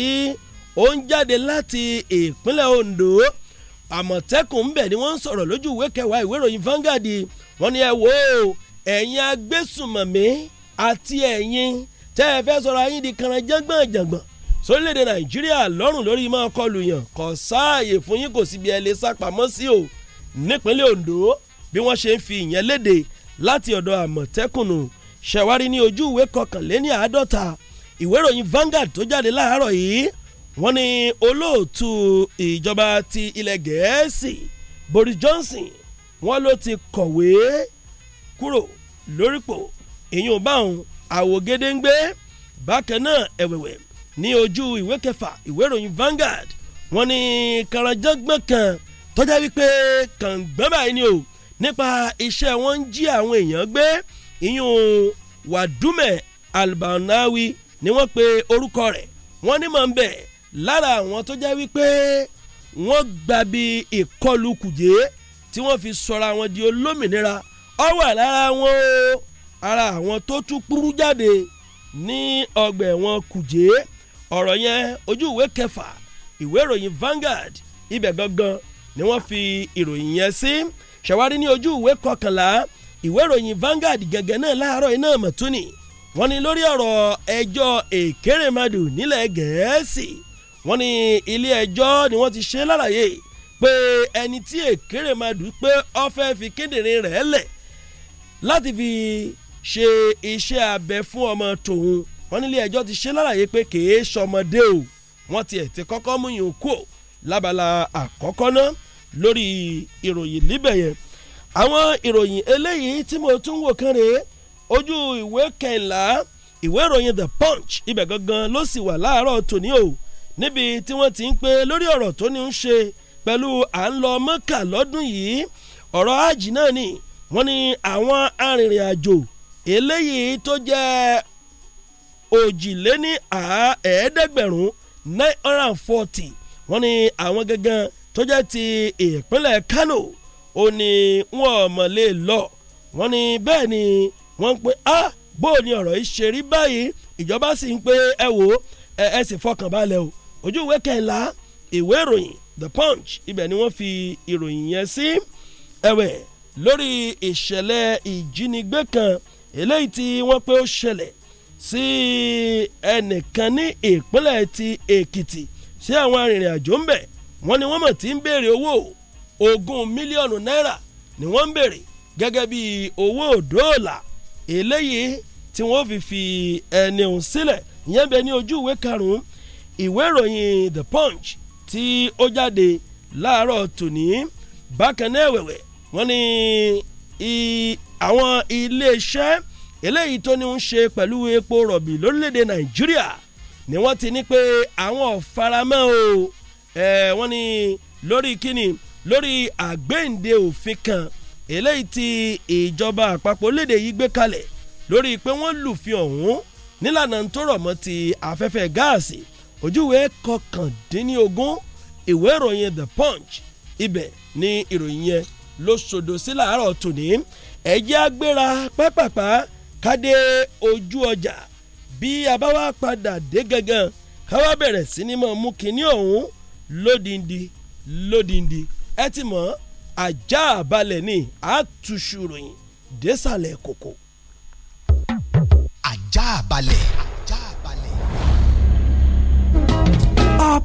ó ń jáde láti ìpínlẹ̀ Ondo àmọ̀tẹ́kùn ńbẹ̀ ni wọ́n ń sọ̀rọ̀ lójú ìwé kẹwàá ìwé ìròyìn Vanguard wọ́n ní ẹ wo ẹ̀yin agbésùmọ̀mí àti ẹ̀yin tẹ́ ẹ fẹ́ sọ̀rọ̀ ayín di kanra jẹ́gbọ̀n jẹ̀gbọ̀n sórílẹ̀‐èdè Nàìjíríà lọ́rùn lórí máa kọlù yàn kò sáàyè fún yín kò síbi ẹ lè sá pamọ́ sí o nípínlẹ̀ Ondo bí wọ́n ṣe ń fi ìyẹn léde láti ọ̀dọ̀ àmọ̀tẹ́kùnù ṣẹ̀wárí ní ojú ìwé kọkànléní àádọ́ta ìwé ìròyìn Vanguard tó jáde láàárọ̀ yìí wọ́n ní olóòtú ìjọba ti ilẹ̀ gẹ̀ẹ́sì Boris Johnson wọ́n ló ti kọ̀wé kúrò lórípò ìyún báwọn àwògedengbe bákan náà ẹ̀wẹ̀wẹ̀ ní ojú ìwé kẹfà ìwé ìròyìn Vanguard wọ́n ní kàràǹjọ́gbọ̀n kan tọ́já wípé kàǹgbọ́n báyìí ni o nípa iṣẹ́ wọn ń jí àwọn èèyàn gbé ìyún Wàdúmẹ̀ Albanawi ni wọ́n pe orúkọ rẹ̀ wọ́n ní mọ̀ ń bẹ̀ẹ́ lára àwọn tó jẹ́ wípé wọ́n gba bí ìkọlù kùjẹ́ tí wọ́n fi sọra wọn di olómìnira ọ wà lára wọn o ara àwọn tó tú púrú jáde ní ọgbà ẹ̀wọ̀n kùjẹ́ ọ̀rọ̀ yẹn ojú ìwé kẹfà ìwé ìròyìn Vanguard ibẹ̀ gangan ni wọ́n fi ìròyìn yẹn sí ṣàwárí ní ojú ìwé kọkànlá ìwé ìròyìn Vanguard gẹ́gẹ́ náà láàárọ̀ iná mọ̀túnì wọ́n ní lórí ọ̀rọ̀ ẹjọ́ Èkérémadù nílẹ̀ Gẹ̀ẹ́sì. Si wọ́n ní ilé ẹjọ́ ni wọ́n ti ṣe lálàyé pé ẹni tí Ekéremadu pé ó fẹ́ fi kíndìnrín rẹ̀ lẹ̀ láti fi ṣe iṣẹ́ abẹ fún ọmọ tòun wọ́n nílé ẹjọ́ ti ṣe lálàyé pé kèé sọmọdé o wọ́n tiẹ̀ ti kọ́kọ́ mú yín kú o lábala àkọ́kọ́ náà lórí ìròyìn líbẹ̀ yẹn àwọn ìròyìn eléyìí tí mo tún wò kán rèé ojú ìwé kẹńlá ìwé ìròyìn The Punch ibẹ̀ gangan ló sì wà láàárọ̀ tòní o níbi tí wọ́n ti ń pè lórí ọ̀rọ̀ tó ní ń ṣe pẹ̀lú à ń lọ mọ́kà lọ́dún yìí ọ̀rọ̀ àjì náà ni wọ́n ní àwọn arìnrìn-àjò eléyìí tó jẹ́ òjìléní ẹ̀ẹ́dẹ́gbẹ̀rún nine hundred and forty wọ́n ní àwọn gangan tó jẹ́ ti ìpínlẹ̀ Kano ó ní wọn ò mọ̀ lè lọ wọ́n ní bẹ́ẹ̀ ni wọ́n ń pe ah bó ni ọ̀rọ̀ yìí ṣe rí báyìí ìjọba sì ń pe ẹ wò ẹ sì fọkàn balẹ̀ o ojú ìwé kẹńlá ìwé ìròyìn the punch ibẹ̀ ni wọ́n fi ìròyìn yẹn sí ẹ̀wẹ̀ lórí ìṣẹ̀lẹ̀ ìjínigbé kan eléyìí tí wọ́n pé ó ṣẹlẹ̀ sí ẹnìkan ní ìpínlẹ̀ ti Èkìtì sí àwọn arìnrìn àjò ń bẹ̀ wọ́n ní wọ́n mọ̀ tí ń béèrè owó ogún mílíọ̀nù náírà ni wọ́n ń béèrè gẹ́gẹ́ bí owó dọ́là eléyìí tí wọ́n fi fi ẹni òun sílẹ̀ ìyẹn bẹ ní ojú ìwé karùn-ún ìwé ìròyìn The Punch tí ó jáde láàárọ̀ tòní bákan náà ẹ̀wẹ̀wẹ̀ wọ́n ní àwọn iléeṣẹ́ eléyìí tó ní ń ṣe pẹ̀lú epo rọ̀bì lórílẹ̀‐èdè Nàìjíríà ni wọ́n ti ní pé àwọn ò o ẹ̀ wọ́n ní lórí kíni lórí àgbéǹde òfin kan eléyìí tí ìjọba àpapọ̀ léde yìí gbé kalẹ̀ lórí pé wọ́n lùfin ọ̀hún nílànà tó rọ̀ mọ́ ti afẹ́fẹ́ gáàsì ojúwe kọkàndínlógún ìwé ìròyìn the punch ibẹ̀ ni ìròyìn yẹn ló ṣòdo sí làárọ̀ tòní ẹ̀jẹ̀ agbéra pápápá kádé ojú ọjà bí a bá wá padà dé gangan ká wá bẹ̀rẹ̀ sí ni mọ̀ mú kinní ọ̀hún lódìndí lódìndí ẹ ti mọ̀ ajá balẹ̀ ni àtúnṣu ròyìn désàlẹ̀ kòkò. ajá balẹ̀.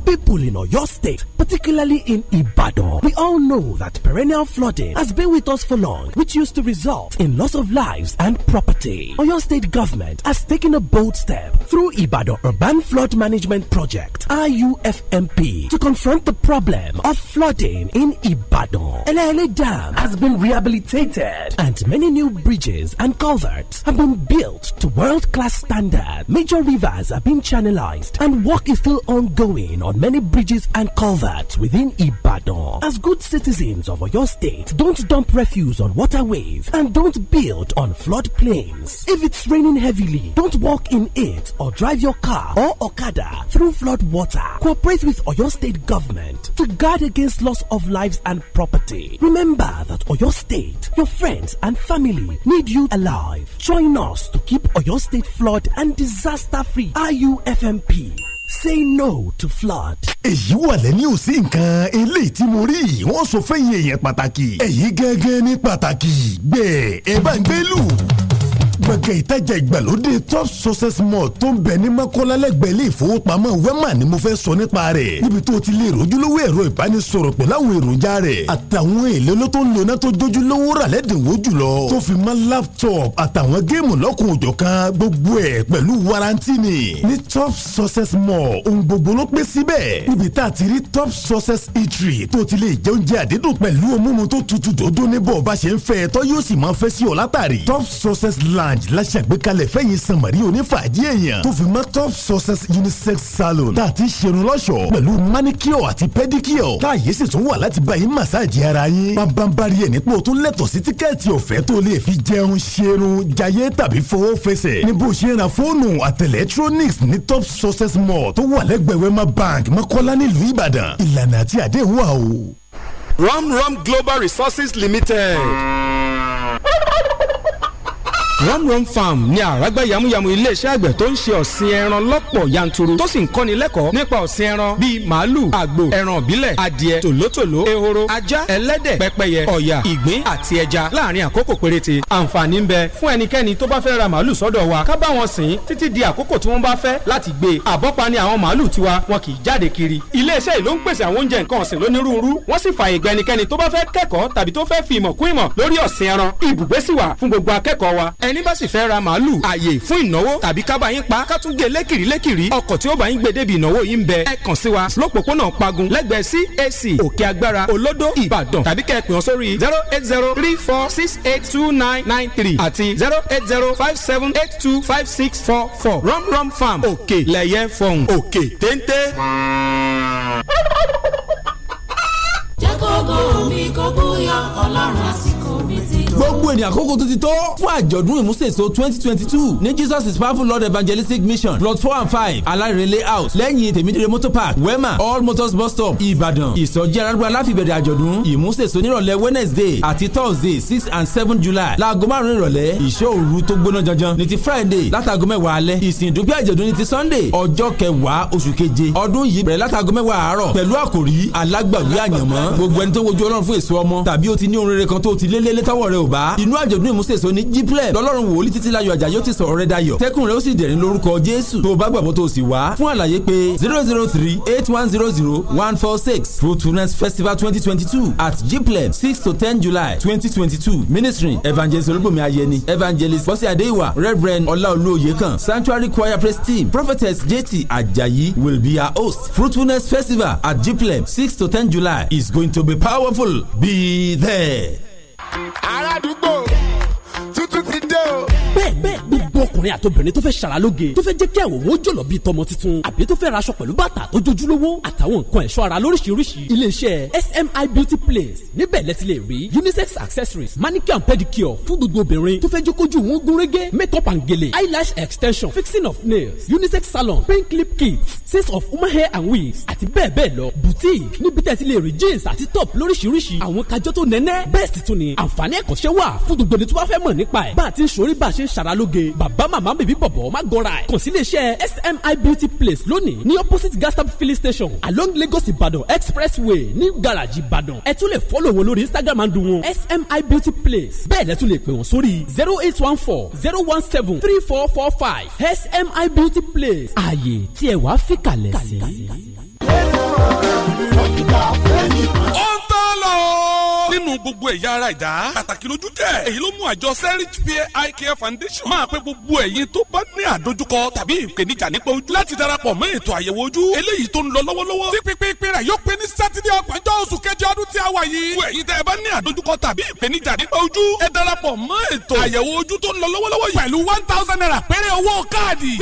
people in Oyo State, particularly in Ibadan. We all know that perennial flooding has been with us for long, which used to result in loss of lives and property. Oyo State government has taken a bold step through Ibadan Urban Flood Management Project (IUFMP) to confront the problem of flooding in Ibadan. Elele Dam has been rehabilitated, and many new bridges and culverts have been built to world-class standard. Major rivers have been channelized, and work is still ongoing on on many bridges and culverts within Ibadan. As good citizens of your state, don't dump refuse on waterways and don't build on floodplains. If it's raining heavily, don't walk in it or drive your car or Okada through flood water. Cooperate with Oyo State government to guard against loss of lives and property. Remember that Oyo State, your friends and family need you alive. Join us to keep Oyo State flood and disaster free. IUFMP. Say no to flood. Èyí wà lẹ́ni ò sí nǹkan eléyìí tí mo rí wọ́n sọ fẹ́yìn èèyàn pàtàkì. Èyí gẹ́gẹ́ ní pàtàkì bẹ́ẹ̀ ẹ bá ń gbé lù gbọ̀ngàn ìtajà ìgbàlódé top success mall tó ń bẹ ní mọ́kànlá lẹ́gbẹ̀ẹ́ ilé ìfowópamọ́ wema ni mo fẹ́ sọ nípa rẹ̀ níbi tó ti lè rojúlówó ẹ̀rọ ìbánisọ̀rọ̀ pẹ̀lú àwọn èròjà rẹ̀ àtàwọn èlé ló ń lò tó jójú lówó rà lẹ́dínwó jùlọ tó fi mọ́ laptop àtàwọn géèmù lọ́kùn òjọ̀ kan gbogbo ẹ̀ pẹ̀lú warranty ni ní top success mall ohun gbogbo ló pé síbẹ̀ níbi tá a ti rí top success eatery tó ti lè lounge láṣàgbékalẹ̀ fẹ̀yìn sanmari onífàájì èèyàn tó fi mọ́ top success unisex salon tá a ti ṣerun lọ́ṣọ̀ọ́ pẹ̀lú manicure àti pedicure táàyè sì tún wà láti bá yín màsáàjì ara yín pàbánbarí ẹ̀ nípò tó lẹ́tọ̀ọ́ sí tíkẹ́ẹ̀tì ọ̀fẹ́ tó lè fi jẹun ṣerun jayé tàbí fowó fẹsẹ̀ ní bó ṣe ra fóònù àti electronics ní top success mall tó wà lẹ́gbẹ̀ẹ́ wema bank mọ́kọ́lá nílùú ìbàdàn ìlànà àti àdéhùn wà Ram rom global resources limited Run run farm ni àràgbá yamuyamu iléeṣẹ́ àgbẹ̀ tó ń ṣe ọ̀sìn ẹran lọ́pọ̀ yanturu tó sì ń kọ́ni lẹ́kọ̀ọ́ nípa ọ̀sìn ẹran bíi màálù àgbò ẹran ìbílẹ̀ adìẹ tòlótòló ehoro ajá ẹlẹ́dẹ̀ pẹ́pẹ́yẹ ọ̀yà ìgbín àti ẹja láàrin àkókò péréte àǹfààní ń bẹ fún ẹnikẹ́ni tó bá fẹ́ ra màálù sọ́dọ̀ wa ká bá wọn sìn títí di àkókò tí wọ́n bá fẹ́ láti gbé àbọ́pa àwọn màálù tiwa wọn kì í jáde kiri iléeṣẹ́ ìlú ń pèsè àwọn oúnjẹ nǹkan ọ̀sìn lónírúurú wọ́n sì fààyè gba ẹnikẹ́ni tó bá fẹ́ kẹ́kọ̀ọ́ tàbí tó fẹ́ fi ìmọ̀ kún ìmọ̀ lórí ọ̀sìn ẹran ibùgbé sì wà fún gbogbo akẹ́kọ̀ọ́ wa ẹn ẹni bá sì fẹ́ ra màálù àyè fún ìnáwó tàbí kábà yín pa ká tún gé lékìrí lékìrí ọkọ̀ tí ó bá yín gbé débi ìnáwó yín bẹ ẹ kàn sí wa lópòpónà Pagun lẹ́gbẹ̀ẹ́ CAC Òkè Agbára Olódó Ìbàdàn tàbí kẹ́ ẹ sórí zero eight zero three four six eight two nine nine three àti zero eight zero five seven eight two five six four four Romrom Farm òkè lẹ̀yẹ fọ̀hún òkè téńté. jákòókò omi kò búyọ ọlọ́run àti gbogbo ènìyàn àkókò tó ti tó fún àjọ̀dún ìmúṣèso twenty twenty two ní jesus is powerful lord evangelistic mission plot four and five alárẹ̀lẹ̀ house lẹ́yìn tèmídìrẹ motor park wema all motors bus stop ìbàdàn ìsọjí arágbá láfìbẹ̀rẹ̀ àjọ̀dún ìmúṣèso nírọ̀lẹ́ wednesday àti thursday six and seven july láago márùn-ún ìrọ̀lẹ́ ìṣọ́ òru tó gbóná janjan ní ti friday látago mẹ́wàá alẹ́ ìsìn ìdúpẹ́ àjọ̀dún ní ti sunday ọjọ́ kẹwàá oṣù keje ọdún yìí bẹ̀rẹ̀ látago mẹ́wàá àárọ̀ pẹ̀lú àkòrí alágbàwí àyànmọ́ gbogbo ẹni tó wojú ọlọ́run fún èso ọmọ tàbí ó ti ní orin rere kan tó ti lélẹ́lẹ́ tọ́wọ́ rẹ yorùbá inú àjọ̀dún ìmúṣèso ní jíplẹ̀ lọ́lọ́run wòlíì títí láyọ̀ àjà yóò ti sọ̀rọ̀ rẹ dayọ̀ tẹ́kùn rẹ ó sì dẹ̀rín lórúkọ jésù tó bá gbàgbọ́ tó sì wá fún àlàyé pé zero zero three eight one zero zero one four six fruitfulness festival twenty twenty two at jíplẹ̀ six to ten july twenty twenty two ministry evangelist olúbùnmi ayẹni evangelist bọ́sẹ̀ adéwà reverend ọláolú oyèkán sanctuary choir praise team prophetess jt ajayi will be our host fruitfulness festival at jíplẹ̀ six to ten july is going to be powerful be there. aládùúgbò tuntun ti dé o. bẹ́ẹ̀ bẹ́ẹ̀ ọkùnrin àtobìnrin tó fẹ́ ṣaralóge tó fẹ́ jẹ́ kí àwòwò jọ̀lọ̀ bíi tọmọ tuntun àbí tó fẹ́ raṣọ pẹ̀lú bàtà tó jojúlówó àtàwọn nǹkan ẹ̀ṣọ́ ara lóríṣiríṣi iléeṣẹ́ SMI beauty place níbẹ̀ lẹ rí unisex accessories manicure and pedicure fún gbogbo obìnrin tó fẹ́ jẹ́ kójú wọn gún makeup and gèlè eyelash extension fixing of nails unisex salon pin clip kits sets of human hair and wigs àti bẹ́ẹ̀ bẹ́ẹ̀ lọ boutique níbi tẹ́ lè rí jeans àti top lóríṣiríṣi àwọn kájọ tó nẹ́nẹ́ bẹ́ẹ̀ sì tún ni àǹfààní ẹ̀kọ́ṣẹ́ wà fún gbogbo ẹni tó bá fẹ́ mọ̀ nípa ẹ̀ bá a ti ń ṣorí bá a ṣe ń ṣaralóge bàbá bàbá màmá bèbí bọ̀bọ̀ má gọra ẹ̀ kàn sí iléeṣẹ́ SMI Beauty Place lónìí ní opposite Gastap filling station along Lagos Ìbàdàn expressway ní garaji Ìbàdàn ẹ tún lè fọ́lọ̀ wọn lórí Instagram àdùn wọn SMI Beauty Place bẹ́ẹ̀ lẹ́tún lè pè wọ́n sórí zero eight one four zero one seven three four four five SMI Beauty Place ààyè tí ẹ wàá fi kalẹ̀ sí nínú gbogbo ẹ̀yà ara ìdá pàtàkì lójú tẹ̀ èyí ló mú àjọ serich peer eye care máa pé gbogbo ẹ̀yin tó bá ní àdójúkọ tàbí ìpèníjà nípa ojú láti darapọ̀ mọ́ ètò àyẹ̀wò ojú eléyìí tó ń lọ lọ́wọ́lọ́wọ́ tí pínpín ìpín rẹ̀ yóò pé ní sátidé ọgbọ̀njọ́ oṣù kẹjọ ọdún tí a wà yìí gbogbo ẹ̀yin tẹ́ bá ní one thousand naira péré owó káàdì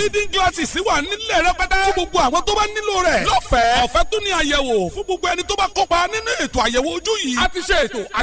à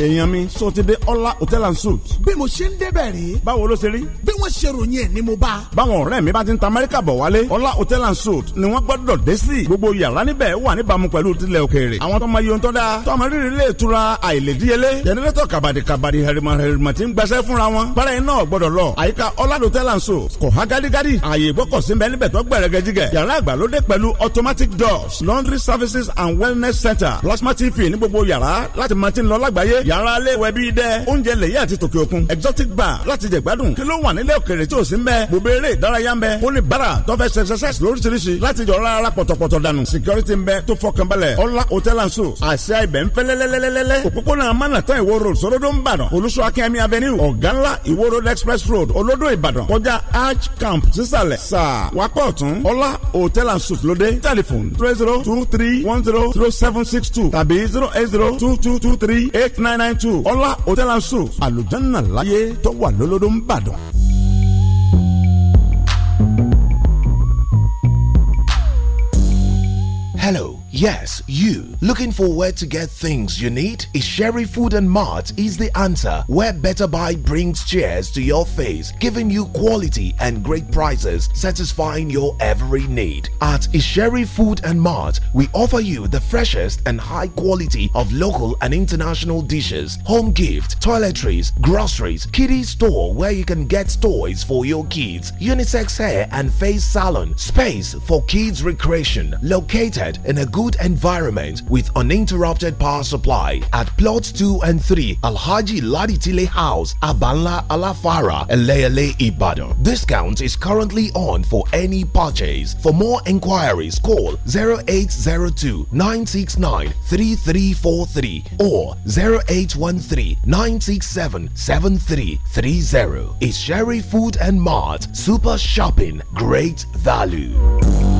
èèyàn mi sọ ọlá hotel and suit. bí mo ṣe ń débẹ̀ rí. báwo ló ṣe rí. bí wọ́n ṣe ròyìn ẹ̀ ni mo bá. báwọn ọ̀rẹ́ mi bá ti ń ta amẹ́ríkà bọ̀ wálé ọlá hotel and suites ni wọ́n gbọ́dọ̀ dé sí. gbogbo yàrá níbẹ̀ wà níbàámu pẹ̀lú tilẹ̀ òkèèrè. àwọn tó ma yọ tó dáa tó ma rírì lè tura àìlèdíyelé. jẹnẹrétọ̀ kàbàdì kàbàdì hẹrìmọ̀ ń gbẹsẹ̀ fúnra wọn yàrá ilé ìwẹ̀ bíi dẹ́ oúnjẹ lẹ́yìn àti tòkè òkun exotic bar láti jẹ gbádùn kí ló wà nílé òkèrè tí ò sí mbẹ bùbé eré ìdárayá mbẹ poli bara tọfẹ sẹsẹsẹs lóríṣiríṣi láti jọ rárá pọ̀tọ̀pọ̀tọ̀ dànù security mbẹ tó fọkànbalẹ̀ ọlá hotel and so àṣẹ ibẹ̀ ńfẹ́lẹ́lẹ́lẹ́lẹ́lẹ́ òpópónà amánàtàn ìwó road sorodo ńbàdàn olùsọ akẹ́mi avenue ọ̀gánlá ìwó road express road olódò ìbàdàn kọjá arch camp sísàlẹ̀ sáà wákọ̀ ọ̀tún ọlá hotel and suite lóde telephone three zero two three one zero zero seven six two tàbí zero eight zero two two two three eight nine nine two ọlá hotel and suites àlùjánná láyé tó wà lólódó Hello Yes, you. Looking for where to get things you need? Isheri Food and Mart is the answer where Better Buy brings chairs to your face, giving you quality and great prices, satisfying your every need. At Isheri Food and Mart, we offer you the freshest and high quality of local and international dishes, home gift, toiletries, groceries, kiddie store where you can get toys for your kids, unisex hair and face salon, space for kids recreation, located in a good good environment with uninterrupted power supply at plots 2 and 3 Alhaji Laditile House, Abanla Alafara, Eleele Ibadan. Discount is currently on for any purchase. For more inquiries, call 0802 969 3343 or 0813 967 7330. It's Sherry Food and Mart Super Shopping. Great value.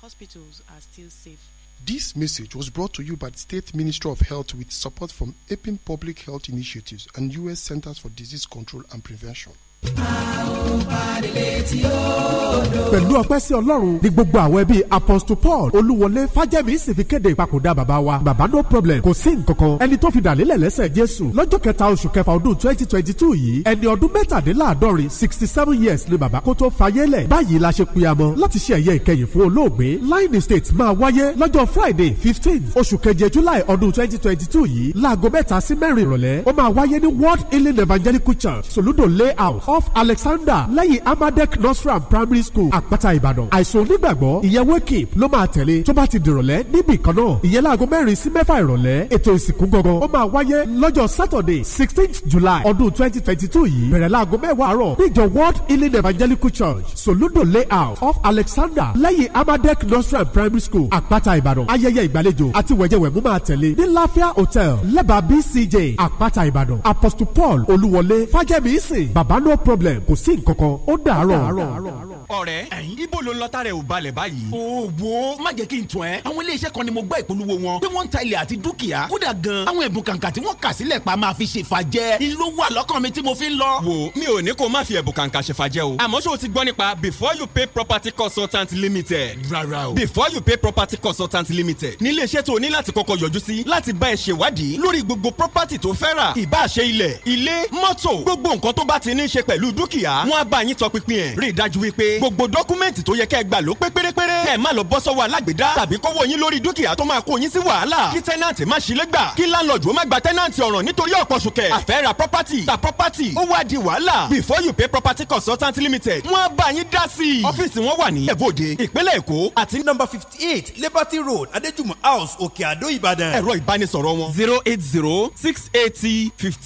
hospitals are still safe. This message was brought to you by the State Ministry of Health with support from APIM Public Health Initiatives and U.S. Centers for Disease Control and Prevention. pẹ̀lú ọpẹ́ sí ọlọ́run ní gbogbo àwọn ẹbí apostle paul olúwọlé fájẹ́mi sì fi kéde ìpapòdà bàbá wa bàbá no problem kò sí nkankan ẹni tó fi dàlélẹ̀ lẹ́sẹ̀ jésù lọ́jọ́ kẹta oṣù kẹfà ọdún twenty twenty two yìí ẹni ọdún mẹ́tàdínláàdọ́rin sixty seven years ni bàbá kó tó fayé lẹ̀ báyìí la ṣe pìyàmọ́ láti ṣe ẹ̀yẹ ìkẹyìn fún olóògbé line state máa wáyé lọ́jọ́ friday fifteen oṣù keje july ọdún twenty twenty two yìí láago mẹ́ta sí mẹ́rin ìrọ̀lẹ́ ó máa wáyé ní world healing evangelical church soludo layout Of alexander lẹ́yìn amadek nursery primary school àpáta ìbàdàn àìsàn onígbàgbọ́ ìyẹn wake up ló máa tẹ̀lé tó bá ti dìrọ̀lẹ́ níbì kan náà ìyẹn láago mẹ́rin sí mẹ́fà ìrọ̀lẹ́ ètò ìsìnkú gangan ó máa wáyé lọ́jọ́ saturday sixteenth july ọdún twenty twenty two yìí bẹ̀rẹ̀ láago mẹ́wàá àárọ̀ níjọ world healing evangelical church soludo layout of alexander lẹ́yìn amadek nursery primary school àpáta ìbàdàn ayẹyẹ ìgbàlejò àti wẹ̀jẹ̀wẹ̀mú máa tẹ̀lé ní lafia hotel lẹ́bàá bcj àpáta ìbàdàn apostle paul olúwọlé fájẹ́mi ìsìn bàbá náà no problem kò sí nǹkan kan ó dàárọ̀ ọ̀rẹ́ ibo ló ń lọ tààrẹ ò balẹ̀ báyìí. o wo má jẹ́ kí n tún ẹ́ àwọn iléeṣẹ́ kan ni mo gbọ́ ìpolówó wọn pé wọ́n ń ta ilẹ̀ àti dúkìá kódà gan àwọn ẹ̀bùn kàǹkà tí wọ́n kà sílẹ̀ pa máa fi ṣèfàjẹ́ ló wà lọ́kàn mi tí mo fi ń lọ. wo mi ò ní kó má fi ẹ̀bùn kàǹkà ṣèfàjẹ́ o àmọ́ ṣó o ti gbọ́ nípa before you pay property consultant limited. rárá o before you pay property consultant limited ní iléeṣẹ́ tó o ní láti kọ́kọ́ yọjú sí láti bá ẹ ṣèwádìí gbogbo property tó fẹ́ rà ìbáṣe ilẹ̀ ilé mọ́tò gbogbo nǹkan tó bá ti ní í ṣe pẹ̀lú dúkìá wọ́n á bá yín tọpinpin ẹ̀ rí i dájú wípé ṣe. gbogbo dọ́kúmẹ́ǹtì tó yẹ kẹ́ ẹ gbà ló pé pérépéré. kẹ́ ẹ má lọ bọ́ sọ́wọ́ alágbèédá tàbí kówó yín lórí dúkìá tó máa kó yín sí wàhálà. kí tẹ́nàntì má ṣílé gbà kí láńlọ́ọ̀dù ó má gba tẹ́nàntì ọ̀ràn nítorí ọ̀pọ̀ ṣùkẹ́. àfẹ́ property ta property ó wá di wàhálà. before you pay property consultant limited wọ́n bá yín dá sí i. ọ́fíìsì wọn wà ní ẹ̀bọ̀dé ìpínlẹ̀ èkó àti number fifty eight liberty road adéjùmọ̀ house òkè àdó ìbàdàn. ẹ̀rọ ìbánisọ̀rọ̀ zero eight zero six eighty fifty